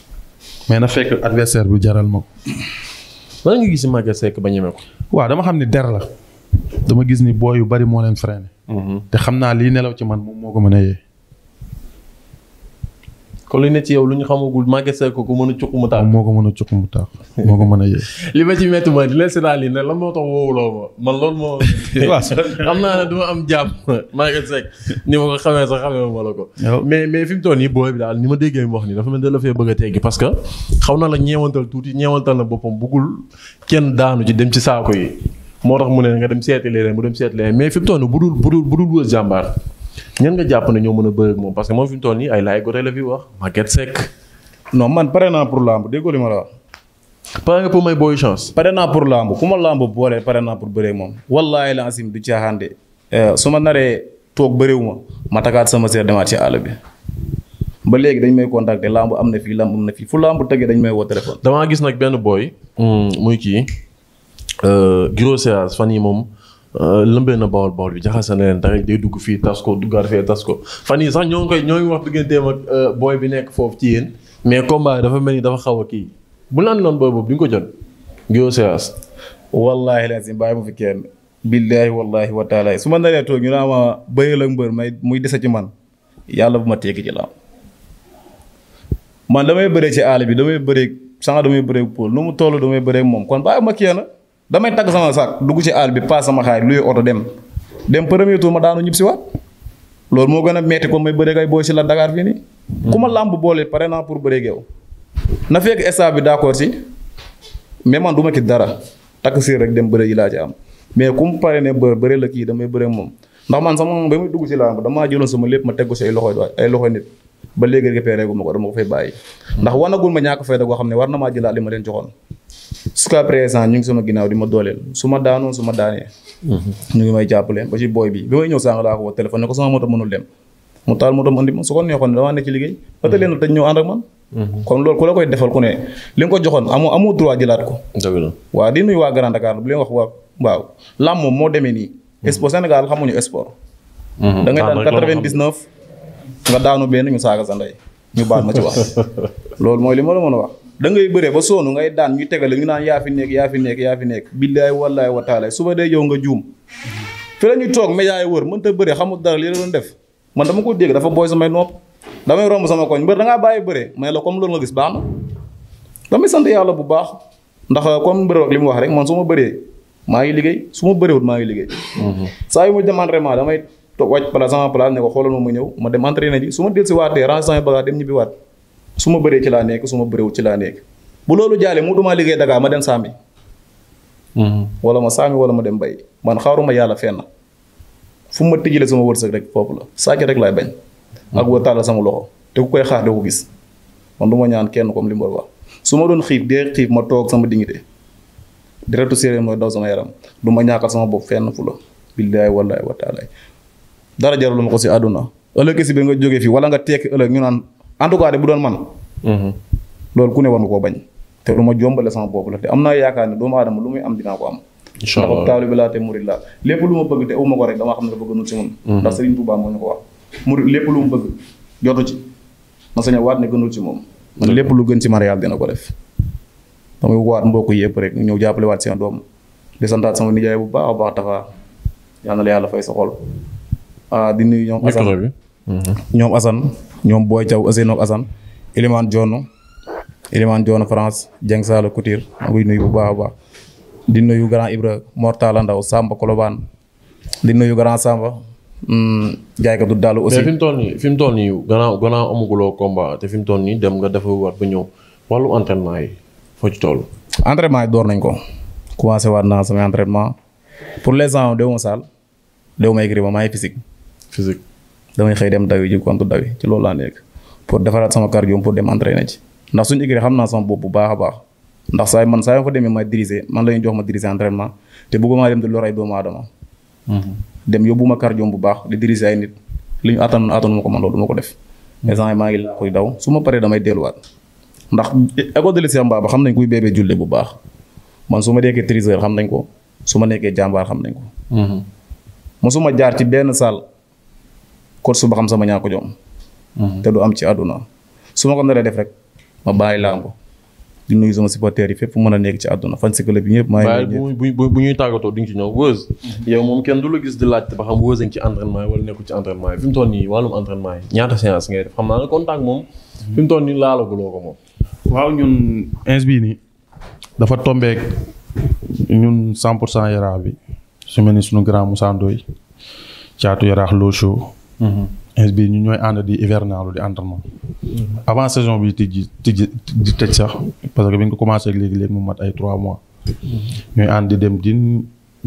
mais na fekk adversaire bi jaral ma ko. lan nga gis si Maguette ba ñeme ko. waa dama xam ni der la. dama gis ni booy yu bari moo leen freiné. Mm-hmm. te xam naa lii nelaw ci man moom moo ko mën a yee. kon li ne ci yow lu ñu xamagul Maguette Sakho ko mën a cuq mu taax. moo ko mën a cuq mu taax moo ko mën a yee. li ma ci métti mooy di leen séddaal yi ne lan moo tax woowuloo ma man loolu moo. waaw xam am jàmm Maguette Sakho ni ma ko xamee sax xamee ma la mais mais fi mu toll nii booy bi daal ni ma déggee mu wax nii dafa mel ni la fee bëgg a teggi parce que xaw na la ñeewantal tuuti ñeewantal na boppam bëggul kenn daanu ci dem ci saako yi moo tax mu ne nga dem seeti leneen mu dem seeti leneen mais fi mu toll bu budul bu budul wës jàmbaar ñan nga jàpp ne ñoo mën a bëri moom parce que moom fi mu toll nii ay laay gote la fi wax Maguette Seck. non man pare naa pour làmb déggoo li ma la wax. pare nga pour may booy chance. pare naa pour làmb ku ma làmb boole pare naa pour bëree moom. wallaahi la asim du caaxaan de. Euh, su ma naree toog bëriwu ma. ma takaat sama seer demaat ci àll bi. ba léegi dañ may contacter lamb am na fii lamb am na fii fu lamb tëggee dañ may woo téléphone. damaa gis nag benn booy. Hmm, muy kii. Euh, Giro Seras yi moom lëmbee na bawol bawol bi jaxase na leen rek day dugg fii tas ko duggaat fee tas ko fan yi sax ñoo ngi koy ñoo ngi wax digganteem ak euh, booy bi nekk foofu ci yéen mais combat dafa mel ni dafa xaw a kii bu laan noonu booy boobu di ko jot. Guiro Séras. wallaahi lazim bàyyi ma fi kenn. billaahi wallaahi wa su ma naree toog ñu naan ma bëyal muy dese ci man yàlla bu ma tegg ci damay bëree ci àll bi damay bëree sànq damay bëree nu mu toll damay bëree moom kon bàyyi ma kenn. damay tagg sama saak dugg ci àll bi paas sama xaay luy oto dem dem premier tour ma daanu ñib si waat loolu moo gën a metti ko may bëreeg ay booy si la dakaar fii nii. ku ma làmb boole pare naa pour bëreeg yow. na fekk stade bi d'accord si mais man du ma ki dara takk si rek dem bëre yi laa ci am mais ku pare ne bër bëre la kii damay bëre moom ndax man sama ba muy dugg si làmb damaa jëloon sama lépp ma teg ko si ay loxo ay loxo nit ba léegi récupéré gu ma ko dama ko ndax wanagul ma ñàkk fayda goo xam ne war na maa jëlaat li ma leen joxoon. jusqu'à présent ñu ngi sama ginnaaw di ma dooleel su ma daanoo su ma daanee. Mhm. ñu ngi may jàppale ba ci booy bi bi may ñëw sànq laa ko woo téléphone ne ko sama moto mënul dem mu taal ko mhm. la koy defal ku ko joxoon amoo amoo droit jëlaat ko. dëgg la waaw di nuyu waa Grand Dakar bu leen wax waa waaw làmb moom moo demee nii. Mhm. sport Sénégal xamuñu sport. da ngay daan 99 nga daanu benn ñu saaga sa ndey ñu baal ma ci wax loolu mooy li ma la mën a wax da ngay bëre ba sonn ngay daan ñu tegal ñu naan yaa fi nekk yaa fi nekk yaa fi nekk billaay wallaay wa taala suba dee yow nga juum fi la ñu toog média yi wër mënta bëre xamul dara li la doon def man dama ko dégg dafa booy samay nopp damay romb sama koñ mbër da ngaa bàyyi bëre may la comme loolu nga gis baax na damay sant yàlla bu baax ndax comme mbër li mu wax rek man su ma bëree maa ngi liggéey su ma bëreewut maa ngi liggéey mhm. saa yu ma dem entraînement damay toog wàcc place sama place ne ko xoolal ma ñëw ma dem entraîné ji su ma dellusi waatee range sama bagage dem ñibbi waat su ma bëree ci laa nekk su ma ci laa bu loolu jaalee mu duma liggéey dagaa ma dem saami mm-hmm. wala ma saami wala ma dem bay man xaaruma yàlla fenn fu ma tijjile sama wërsëg rek foofu la sàcc rek lay bañ mm-hmm. ak wa tàllal sama loxo te ku koy xaar de ko gis man du ma ñaan kenn comme li ma wax su ma doon xiif dee xiif ma toog sama dignité deretu séeréer mooy daw sama yaram du ma ñàkkal sama bopp fenn fu la billaay wallaay wa taalaay dara jarul ma ko si àdduna ëllëg si bi nga jógee fii en tout cas de bu doon man mhm. loolu ku ne war nga koo bañ te lu ma jombale sama bopp la te am naa yaakaar ne doomu aadama lu muy am dina ko am incha allah ndax taalibe laa te murid laa lépp lu ma bëgg te awuma ko rek damaa xam ne dafa gënul si moom mhm. ndax Serigne Touba moo ñu ko lépp lu mu bëgg jotu ci ma sa a waat ne gënul si moom lépp lu gën si man yàlla dina ko def damay waat mbokk yëpp rek ñëw jàppale waat seen doom di santaat sama nijaay bu baax a baax tafa yal na yàlla fay sa xol ah, di nuyu ñoom Assane ñoom Boy Thiaw Ousseynou Assane Elimane Dione Elimane Dione France Dieng Sala Couture ma koy nuyu bu baax a baax di nuyu grand Ibra Mortala Ndaw Samba Kolobaan di nuyu grand Samba mm, jaaykatu daal aussi. mais fi mu toll nii fi mu toll nii gannaaw te fi mu toll nii dem nga dafa waat ba ñëw wàllu entraînement yi foo ci toll. entraînement yi door nañ ko commencé waat naa samay entraînement pour les gens déwuma maay physique. physique. damay xëy dem dawi ji kontu dawi ci loolu laa nekk pour defaraat sama cardio pour dem entraîner ci ndax suñu écrit xam bu ma diriger man la ñuy jox ma diriger entraînement te bëgguma dem di lor ay doomu aadama mm-hmm. dem ko man ma ko def exemple maa ngi laa koy daw su ma paree damay delluwaat ndax école de lycée Mbaba xam nañ kuy bébé julle bu baax man su ma nekkee triseur xam nañ ko su ma nekkee jàmbaar xam nañ ko mm-hmm. mosuma jaar ci benn salle kot su ba xam sama ñaa ko jom mhm. te du am ci àdduna su ma ko naree def rek ma bàyyi laango di nuyu sama supporters yi fépp mën a nekk ci àdduna fan si club bi ñëpp. maa bu bu ñuy tàggatoo di nga ci ñëw Weuz. Mhm. yow moom kenn du la gis di laajte ba xam Weuz a ngi ci entraînement yi wala nekkul ci entraînement yi fi mu toll nii wàllum entraînement xam naa ne contact moom. Mhm. fi mu toll nii laalaguloo ko moom. waaw ñun ins bii nii dafa tombeek ñun 100 pour cent yaraax bi su mel ni sunu grand Moussa Ndoye caatu yaraax loo ins mm-hmm. bi ñu ñooy ànd di hivernalu di entraînement mm-hmm. avant saison bi tijji tijji di tëj sax parce que bi nga commencé ak léegi-léegi mu mat ay trois mois mm-hmm. ñooy ànd di dem din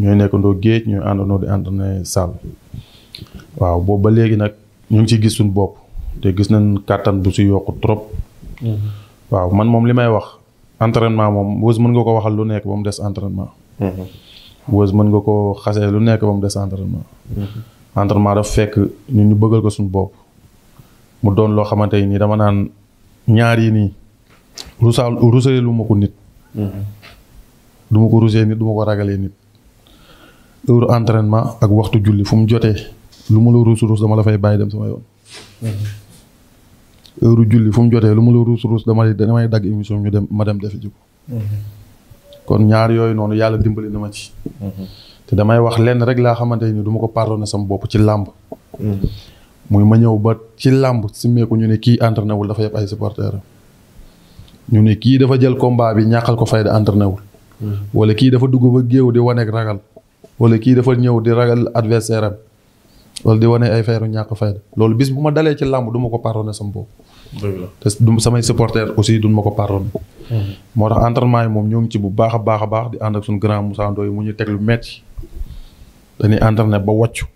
ñooy nekkandoo géej ñooy àndandoo di entraîné salle waaw boobu ba léegi nag ñu ngi ciy gis suñu bopp te gis nañ kàttan bu si yokk trop waaw man moom li may wax entrenement moom wës mën nga ko waxal lu nekk ba mu des entraînement wës mën nga ko xasee lu nekk ba mu des entraînement entraînement dafa fekk ñun ñu bëggal ko suñu bopp mu doon loo xamante nii dama naan ñaar yi nii rusa rusee lu ma ko nit. Mm-hmm. du ma ko rusee nit du ko ragalee nit. heure entraînement ak waxtu julli fu mu jotee lu ma la ruus ruus dama la dem sama yoon. Mm-hmm. heure fu mu jotee lu ma la ruus ruus dama damay dagg émission ñu dem ma dem defi ji ko mm-hmm. kon ñaar yooyu noonu yàlla dimbali na ma ci. te damay wax lenn rek laa xamante ni du ko pardonné sama bopp ci làmb mm. muy ma ñëw ba ci làmb simmeeku ñu ne kii entraîné wul dafa yëpp ay supporteurs ñu ne kii dafa jël combat bi ñàkkal ko fayda entraîné wul. Mm. wala kii dafa dugg ba géew di waneeg ragal. wala kii dafa ñëw di ragal adversaire am wala di wane ay feeru ñàkk fayda loolu bis bu ma dalee ci làmb du ma ko pardonné sama bopp. dëgg la te du samay supporteurs aussi duñ ma ko pardonné. Mm. moo tax entraînement yi moom ñoo ngi ci bu baax a baax a baax di ànd ak suñu grand Moussa mu ñu teg lu metti dañuy entraîné ba wàccu.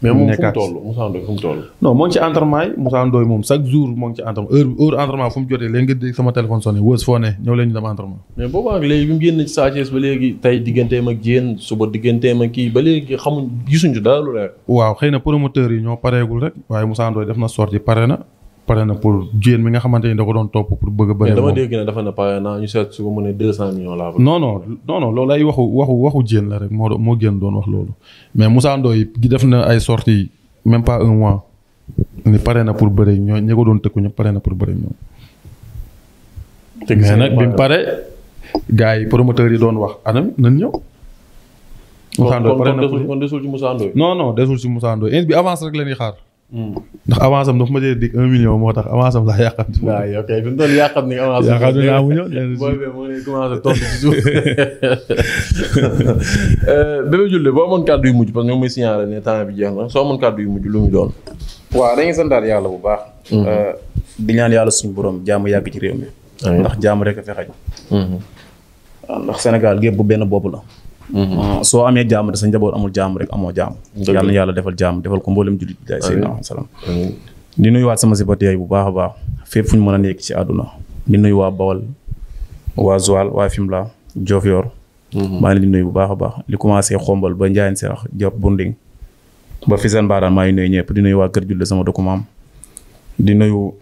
mais moom fu mu toll Moussa Ndoye mu toll. non moo ngi ci entraînement yi Moussa moom chaque jour moo ngi ci entraînement heure heure entraînement fu mu jotee léegi nga dégg sama téléphone sonné wës foo ne ñëw leen ñu dem entraînement. mais boobaa ak léegi bi mu génn ci Sa ba léegi tey digganteem ak Diène suba digganteem ak kii ba léegi xamuñ gisuñ dara lu leer. waaw xëy na promoteurs yi ñoo pareegul rek waaye Moussa def na sorti pare na pare na pour jigéen mi nga xamante ni da ko doon topp pour bëgg a bëri. dama dégg ne dafa ne pare loolu ay waxu waxu waxu jigéen la rek moo moo génn doon wax loolu mais Moussa Ndoye gi def na ay sorti même pas un mois ni pare na pour bëri ñoo ñi doon tëkku ñëpp pare na pour bëri ñoom. mais nag bi mu pare gars yi promoteurs yi doon wax anam nan ñëw. Moussa Ndoye pare na kon desul ci Moussa Ndoye. non non desul ci Moussa Ndoye bi avance rek la ñuy xaar. ndax avance am dafa ma dee dig un million moo tax avance am laa yàqam. waaw yow kay ni avance. yàqam ni naa mu ñëw booy bee moo ngi commencé topp ci euh, boo amoon kàddu yu mujj parce que ñoom mooy signaler ne temps bi jeex na soo amoon kàddu yu mujj lu mu doon. waaw dañuy santaat yàlla bu baax. Mm-hmm. Euh, di ñaan yàlla suñu boroom jaamu yàgg ci réew mi. ndax jaamu rek a fi xaj. Mm-hmm. ndax Sénégal gépp benn bopp la. Mm-hmm. Ah, soo amee jàmm te sa njaboot amul jàmm rek amoo jàmm yàlla yàlla defal jàmm defal ko mboolem jullit daay seydina am salaam di nuyu waat sama sipatiyaay bu baax a baax fépp fu ñu mën a nekk ci àdduna di nuyu waa Bawal waa Joal waa Fimela Diofior mm-hmm. maa ngi leen di bu baax a baax li commencé xombal ba Ndiayène Seex jàpp Bunding ba Fisane Mbadane maa ngi nuyu ñëpp di nuyu waa Kër Julle sama document di nuyu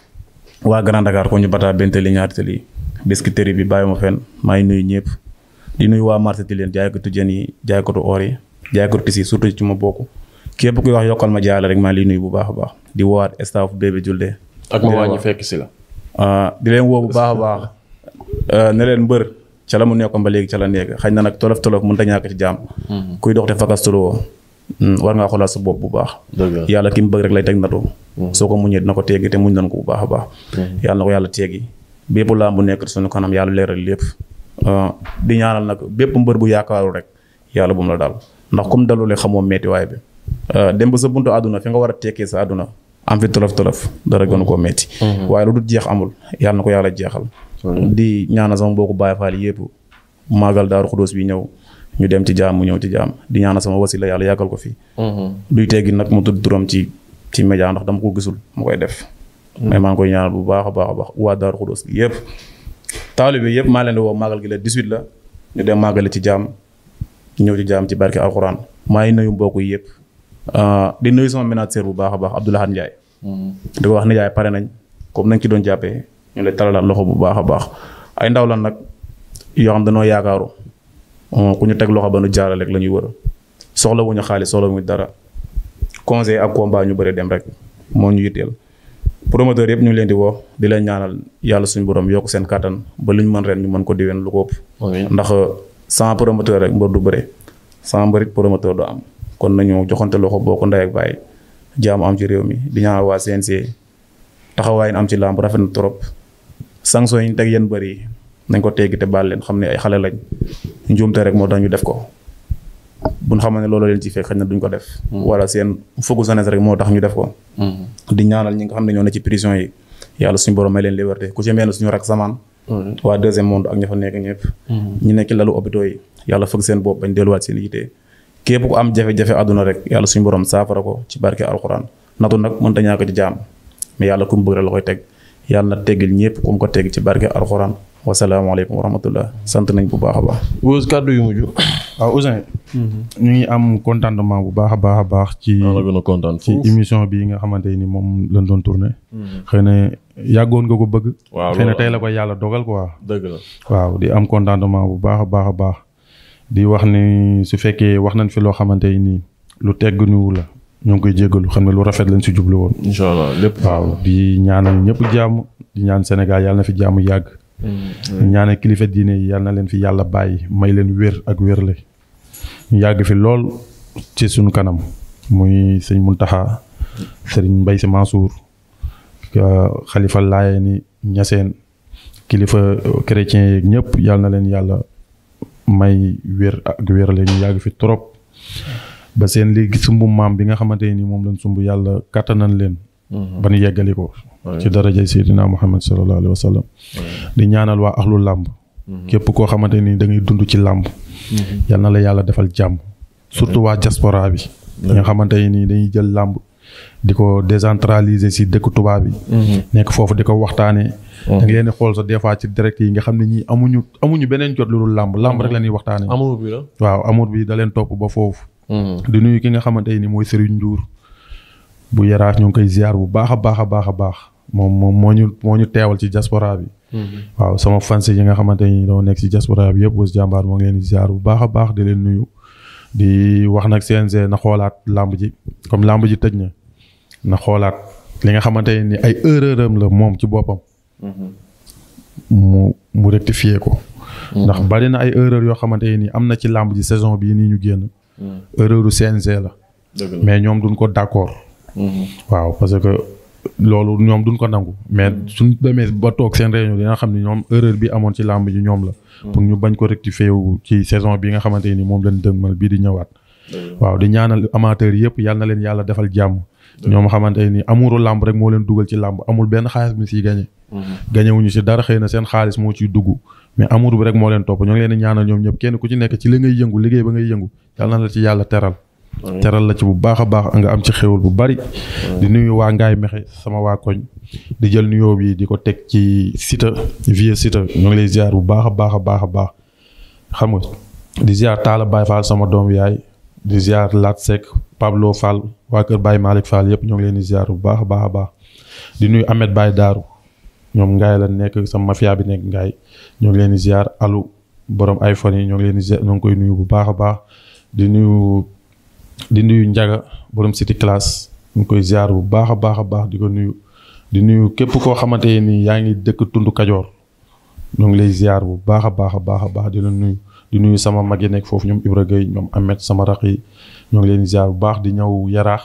waa Grand Dakar ko ñu bataa bente li ñaari tali biscuiterie bi bàyyi ma fenn maa ngi nuyu ñëpp di nuyu waa marché Tilène jaaykatu jën yi jaaykatu or yi jaaykatu tis surtout ci ma bokk képp kuy wax yokkal ma jaay la rek maa ngi lay nuyu bu baax a baax di woowaat staff bébé Julde. ak ma waa ñu fekk si la. Ah, di leen woo bu baax a baax. Euh, ne leen mbër ca la mu nekkoon ba léegi ca la nekk xëy na nag tolof tolof mënut a ñàkk ci mhm. dox te fakastuloo hmm, war ngaa xoolaat sa bopp bu baax. yàlla ki mu bëgg rek lay teg natoo. Mhm. soo ko muñee dina ko teggi te muñ nañ ko bu baax a baax. Mhm. yàlla na ko yàlla teggi bépp laam bu nekk sunu kanam yàlla leeral lépp Euh, di ñaanal nag bépp mbër bu yaakaaru rek yàlla bu mu la dal ndax comme dalulee xamoo metti waay bi euh, dem ba sa buntu àdduna fi nga war a tekkee sa àdduna am fi tolof tolof dara gënu koo metti mm-hmm. waaye lu du jeex amul yàlla na ko yàlla jeexal mm-hmm. di ñaanal sama mbokku Baay Faal yépp maagal Daaru Xudoos bi ñëw ñu dem ci jaam mu ñëw ci jaam di ñaanal sama wasila yàlla yàggal ko fi mm-hmm. luy teggi nag mu tudd turam ci ci média ndax dama ko gisul mu koy def mais maa ngi koy ñaanal bu baax a baax a baax waa Daaru Xudoos bi yépp taalibe yëpp maa leen di woo màggal gi la 18 la ñu dem màggale ci jaam ñëw ci jaam ci barke alxuraan maa ngi nuyu mbokk yi yëpp ah, di nuyu sama ménagère bu baax a baax Abdoulaye Ndiaye. Hmm. di ko wax ne yaay pare nañ comme nañ ci doon jàppee ñu lay talalaat loxo bu baax a baax ay ndaw lan nag yoo xam dañoo yaakaaru ah, ku ñu teg loxo ba nu jaarale rek la ñuy wër soxla wu ñu xaalis soxla wu dara conseil ak combat ñu bëri dem rek moo ñu yitteel. promoteur yëpp ñu ngi leen di woo di leen ñaanal yàlla suñu borom yokk seen kàttan ba li ñu man reen ñu mën ko diween lu ko ëpp. ndax euh, sans promoteur rek mbër du bëre sans mbërit promoteur du am kon nañu joxante loxo boo ko ndey ak bàyyi jaamu am ci réew mi di ñaanal waa CNG taxawaay am ci làmb rafet na trop sanction yi ñu teg yéen yi nañ ko teggi te baal leen xam ne ay xale lañ njuumte rek moo tax ñu def ko. buñ xamal ne loolu leen ci fekk xëy na duñ ko def hmm. wala seen fukk sanes rek moo tax ñu def ko hmm. di ñaanal ñi nga xam ne ñoo ne ci prison yi yàlla suñ borom may leen liberté ku ci mel suñu rak samaan hmm. waa deuxième monde ak ña fa nekk ñëpp ñu nekk lalu hôpitaux yi yàlla fëgg seen bopp bañ delluwaat seen yitee képp ku am jafe-jafe àdduna rek yàlla suñu borom saafara ko ci barke alxuraan natu nag mënta ñàkk ci jaam mais yàlla ku mu bëgg la koy teg ñëpp ku mu ko tegg ci barke alxuraan wasalaamaaleykum wa rahmatullah sant nañ bu baax a baax. Wuz kàddu yu mujj. Ah, mhm. ñu ngi am contentement bu baax a baax a baax. ci ci émission bii nga xamante ni moom lañ doon tourné. Mhm. xëy na yàggoon nga ko bëgg. waaw tey la ko yàlla dogal quoi. dëgg waaw di am contentement bu baax a baax a baax. di wax ni su fekkee wax nañ fi loo xamante ni lu teg nuwu la. ñoo ngi koy jéggalu xam ne lu rafet lañ si jublu woon. incha allah lépp waaw di ñaanal ñëpp jàmm di ñaan Sénégal yàlla na fi jàmm yàgg. Mm. ñu kilifa diine yi yal na leen fi yàlla bàyyi may leen wér ak wérle ñu yàgg fi lool ci suñu kanam muy sëñ Muntaxa sëriñ Mbay Si Mansour xalifa laaye ni ñaseen kilifa chrétien yeeg ñëpp yal na leen yàlla may wér ak wérle ñu yàgg fi trop ba seen léegi sumbu maam bi nga xamante nii moom lañ sumb yàlla kàttanan leen Mhm. ba nu yeggali ko ci darajay Seydina Muhammad sallallahu alayhi wa sallam di ñaanal waa axlu làmb mhm. képp koo xamante ni da ngay dund ci làmb mhm. yal na la yàlla defal jàmm surtout waa diaspora bi ñi nga xamante ni dañuy jël làmb di ko décentraliser si dëkk tubaab yi. nekk foofu di ko waxtaanee. da leen xool sa des fois ci direct yi nga xam ne ñii amuñu amuñu beneen jot lu dul làmb làmb rek la ñuy waxtaanee. amour bi la waaw amour bi da leen topp ba foofu. di nuyu ki nga xamante ni mooy Serigne Ndiour. bu yaraax ñu ngi koy ziar bu baax a baax a baax a baax moom moom moo ñu moo ñu teewal ci diaspora bi. Mm-hmm. waaw sama fans yi nga xamante ni doo nekk ci diaspora bi yëpp Weuz Diambar moo ngi leen ziar bu baax a baax di leen nuyu. di wax nag CNG na xoolaat làmb ji comme làmb ji tëj na na xoolaat li nga xamante ni ay erreur am la moom ci boppam. Mm-hmm. mu mu rectifier ko. Mm-hmm. ndax bari na ay erreur yoo xamante ni am na ci làmb ji saison bii nii ñu génn. erreur u CNG la. mais ñoom duñ ko d'accord. Mm-hmm. waaw parce que loolu ñoom duñ ko nangu mais mm-hmm. suñ demee ba toog seen réunion dina xam ne ñoom erreur bi amoon ci làmb ji ñoom la. Mm-hmm. pour ñu bañ ko rectifier wu ci saison bi nga xamante ni moom lañ dëgmal bii di ñëwaat. waaw di ñaanal amateur yëpp yal na leen yàlla defal jàmm. ñoom xamante nii amuru làmb rek moo leen dugal ci làmb amul benn xaalis bi siy gagné. gagné wuñu si dara xëy na seen xaalis moo ciy dugg. mais amuru bi rek moo leen topp ñoo ngi leen kenn ku ci nekk ci li ngay yëngu liggéey ba ngay yëngu yal na la yàlla teral teral la ci bu baax a baax a nga am ci xéwal bu bari. di nuyu waa Ngaye Mexe sama waa koñ. di jël nuyoo bi di ko teg ci sita vieux Siteu ñoo ngi lay ziar bu baax a baax a baax a baax xam nga di ziar Talla Baye Fall sama doom yaay di ziar Lat Seck Pablo Fall waa kër Baye Malick Fall yëpp ñu ngi leen di ziar bu baax a baax a baax di nuyu Ahmed Baye Daaru ñoom Ngaye la nekk sama mafia bi nekk Ngaye ñoo ngi leen di ziar alu borom iPhone yi ñoo ngi leen di ngi koy nuyu bu baax a baax di nuyu. di nuyu Ndiaga borom City Class ngi koy ziar bu baax a baax a baax di ko nuyu di nuyu képp koo xamante nii yaa ngi dëkk tund Kajoor ñu ngi lay ziar bu baax a baax a baax a baax di nuyu di nuyu sama mag yi nekk foofu ñoom Ibra Gueye ñoom Ahmed sama rax yi ñoo ngi leen di ziar bu baax di ñëw yaraax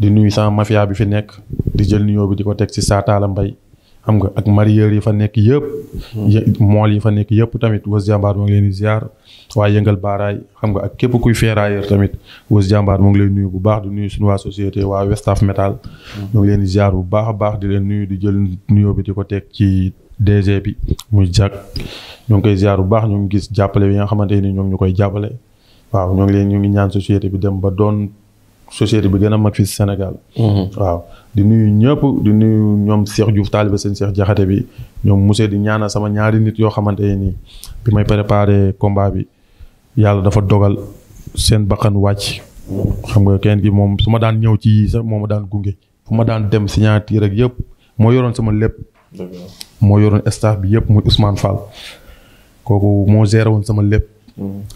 di nuyu sama mafia bi fi nekk di jël nuyoo bi di ko teg ci Saataala Mbay xam nga ak marieur yi fa nekk yëpp. Hmm. mool yi fa nekk yëpp tamit Weuz Diambar moo ngi leen di ziar waa yëngal baaraay xam nga ak képp kuy ferrailleur tamit Weuz Diambar moo ngi leen nuyu bu baax di nuyu suñu waa société waa Westaf Metal. mu hmm. ngi leen di ziar bu baax a baax di leen nuyu di jël nuyoo bi di ko teg ci DG bi muy jag ñoo ngi koy ziar bu baax ñu ngi gis jàppale bi nga xamante ni ñoom ñu koy jàppale waaw ñoo ngi leen ñu ngi ñaan société bi dem ba doon. société bi gën a mag fii Sénégal. Mhm. waaw di nuyu ñëpp di nuyu ñoom Cheikh Diouf taaliba seen Cheikh Jaxate bi ñoom monsieur di ñaana sama ñaari nit yoo xamante ne nii bi may préparé combat bi yàlla dafa dogal seen bakkan wàcc. xam nga kenn gi moom su ma daan ñëw ci yii sax moo ma daan gunge fu ma daan dem signature rek yëpp moo yoroon sama lépp. moo yoroon staff bi yëpp muy Ousmane Fall kooku moo géré woon sama lépp.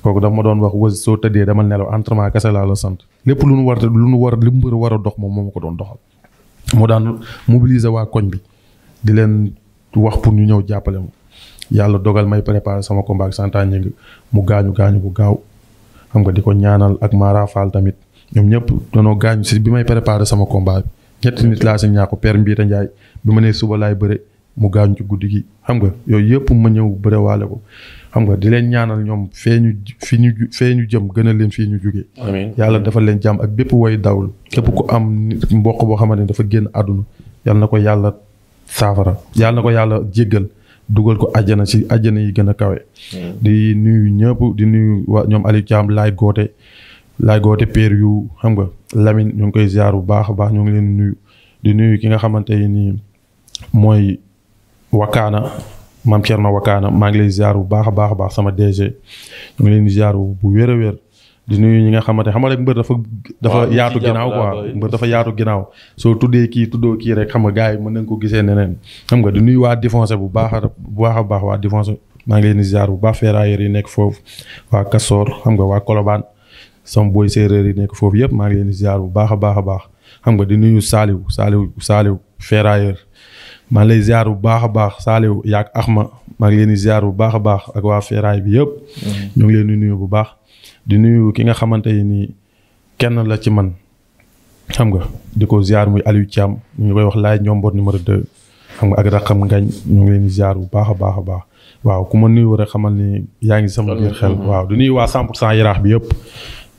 kooku daf ma doon wax wës soo tëddee dama nelaw entraînement kese laa la sant lépp lu nu war lu nu war li mbër war a dox moom moo ma ko doon doxal. moo daan mobiliser waa koñ bi di leen wax pour ñu ñëw jàppale ma yàlla dogal may préparer sama combat ak Santa Ñing mu gaañu gaañu bu gaaw xam nga di ko ñaanal ak Mara tamit ñoom ñëpp danoo gaañu si bi may préparer sama combat bi ñetti nit laa si ñaaku père Mbiita Njaay bi ma nee suba laay bëre mu gaañu ci guddi gi xam nga yooyu yëpp ma ñëw bëre waale ko xam nga di leen ñaanal ñoom fee ñu fi ñu fee ñu jëm gënal leen fii ñu jugee. yàlla dafa leen jàmm ak bépp woy dawlu. képp ko am mboq boo xamante ne dafa génn àdduna yal na ko yàlla saafara yàlla na ko yàlla jéggal dugal ko àjjana si àjjana yi gën a kawe. di nuyu ñëpp di nuyu waa ñoom Aliou Thiam laay goote laay goote peer yu xam nga lamin ñu ngi koy ziar bu baax a baax ñoo ngi leen nuyu di nuyu ki nga xamante ni mooy wakaana. maam Thierno Wakaana maa ngi lay ziar bu baax a baax a baax sama DG ñu ngi leen di bu wér a wér di nuyu ñi nga xamante xam nga rek mbër dafa. yaatu ginnaaw quoi mbër dafa yaatu ginnaaw. soo tuddee kii tuddoo kii rek xam nga gars yi mën nañ ko gisee neneen xam nga di nuyu waa Défoncé bu baax a bu baax a baax waa Défoncé maa ngi leen di ziar bu baax ferrailleur yi nekk foofu waa Kasoor xam nga waa Colobane sama booy séeréer yi nekk foofu yëpp maa ngi leen di ziar bu baax a baax a baax xam nga di nuyu Saliou Saliou saaliw ferrailleur maa ngi lay ziar bu baax a baax Saliou yaak Axma maa ngi leen di bu baax a baax ak waa Feeraay bi yëpp. Mm-hmm. ñu ngi leen di nuyu bu baax. di ki nga xamante ni kenn la ci man xam nga di ko ziar muy Aliou Thiam ñu koy wax laay ñombor numéro xam nga ak Rakham Ngañ ñu ngi leen di ziar bu baax a baax a baax. waaw ku ma nuyu rek xamal ni yaa ngi sama mm-hmm. waaw di nuyu waa 100 pour yaraax bi yëpp.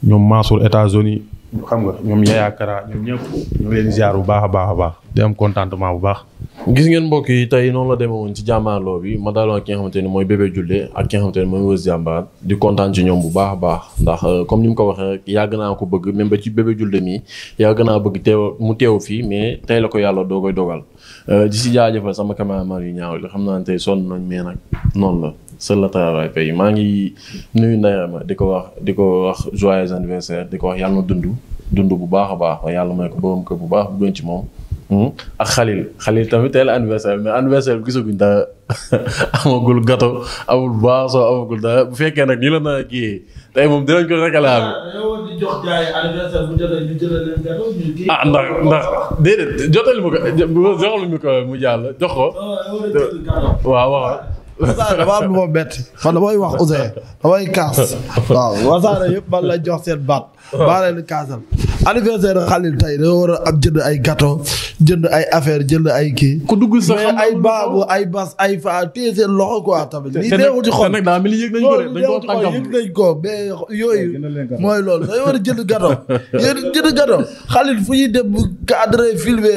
ñoom Mansour États-Unis xam nga ñoom Yaya Kara ñoom ñëpp ñu ngi leen di ziar bu baax a baax a baax di am contentement bu baax. gis ngeen mbokk yi tey noonu la demee woon ci jàmbaarloo bi ma daaloon ak ki nga xamante ni mooy Bébé Diouldé ak ki nga xamante ni mooy Weuz Diambar di kontaan ci ñoom bu baax a baax ndax euh, comme ni mu ko waxee rek yàgg naa ko bëgg même ba ci Bébé Diouldé mii yàgg naa bëgg teew mu teew fii mais tey la ko yàlla doo koy dogal euh, di si jaajëfal sama caméraman yu ñaaw li xam naa ne tey sonn nañ mais nag noonu la seul le travail paye maa ngi nuyu ndeyama di ko wax di ko wax joyeux anniversaire di ko wax yàlla na dund dund bu baax a baax yàlla may ko borom kër bu baax bu doon ci moom Hmm? ak xalil xalil tamit tey la anniversaire mais anniversaire bi gisaguñ dara amagul gâteau amul boisson amagul dara bu fekkee nag nii la na kii tey moom dinañ ko réclamer. Ah, ah ndax ndax déedéet jotali ma ko joxal ma ko mu jàll jox ko. Ah, waaw waaw. wasaare dafa am lu ma bett fan damay wax Ousseyn damay kaas waaw wasaare yëpp man la jox seen baat. waaw ah. baaree kaasal. anniversaire Khalil tey da war a jënd ay gato jënd ay affaire jënd ay kii. ku dugg sax ay baabu ay bas ay fa téye seen loxo quoi tamit. lii neexu ci xol yëg nañ ko ko mais yooyu mooy loolu dañu war a jënd gâteau yéen jënd gâteau Khalil fu ñuy dem cadré filmé.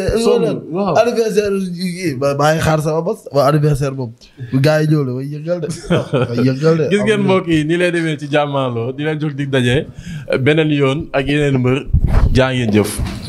waaw anniversaire yi ngi xaar sama bas waa anniversaire boobu gars yi ñëw la way gis ngeen mbokk yi nii lay demee ci jàmmaarloo dina leen jóg dig daje beneen yoon ak yeneen mbër jaa ngeen jëf.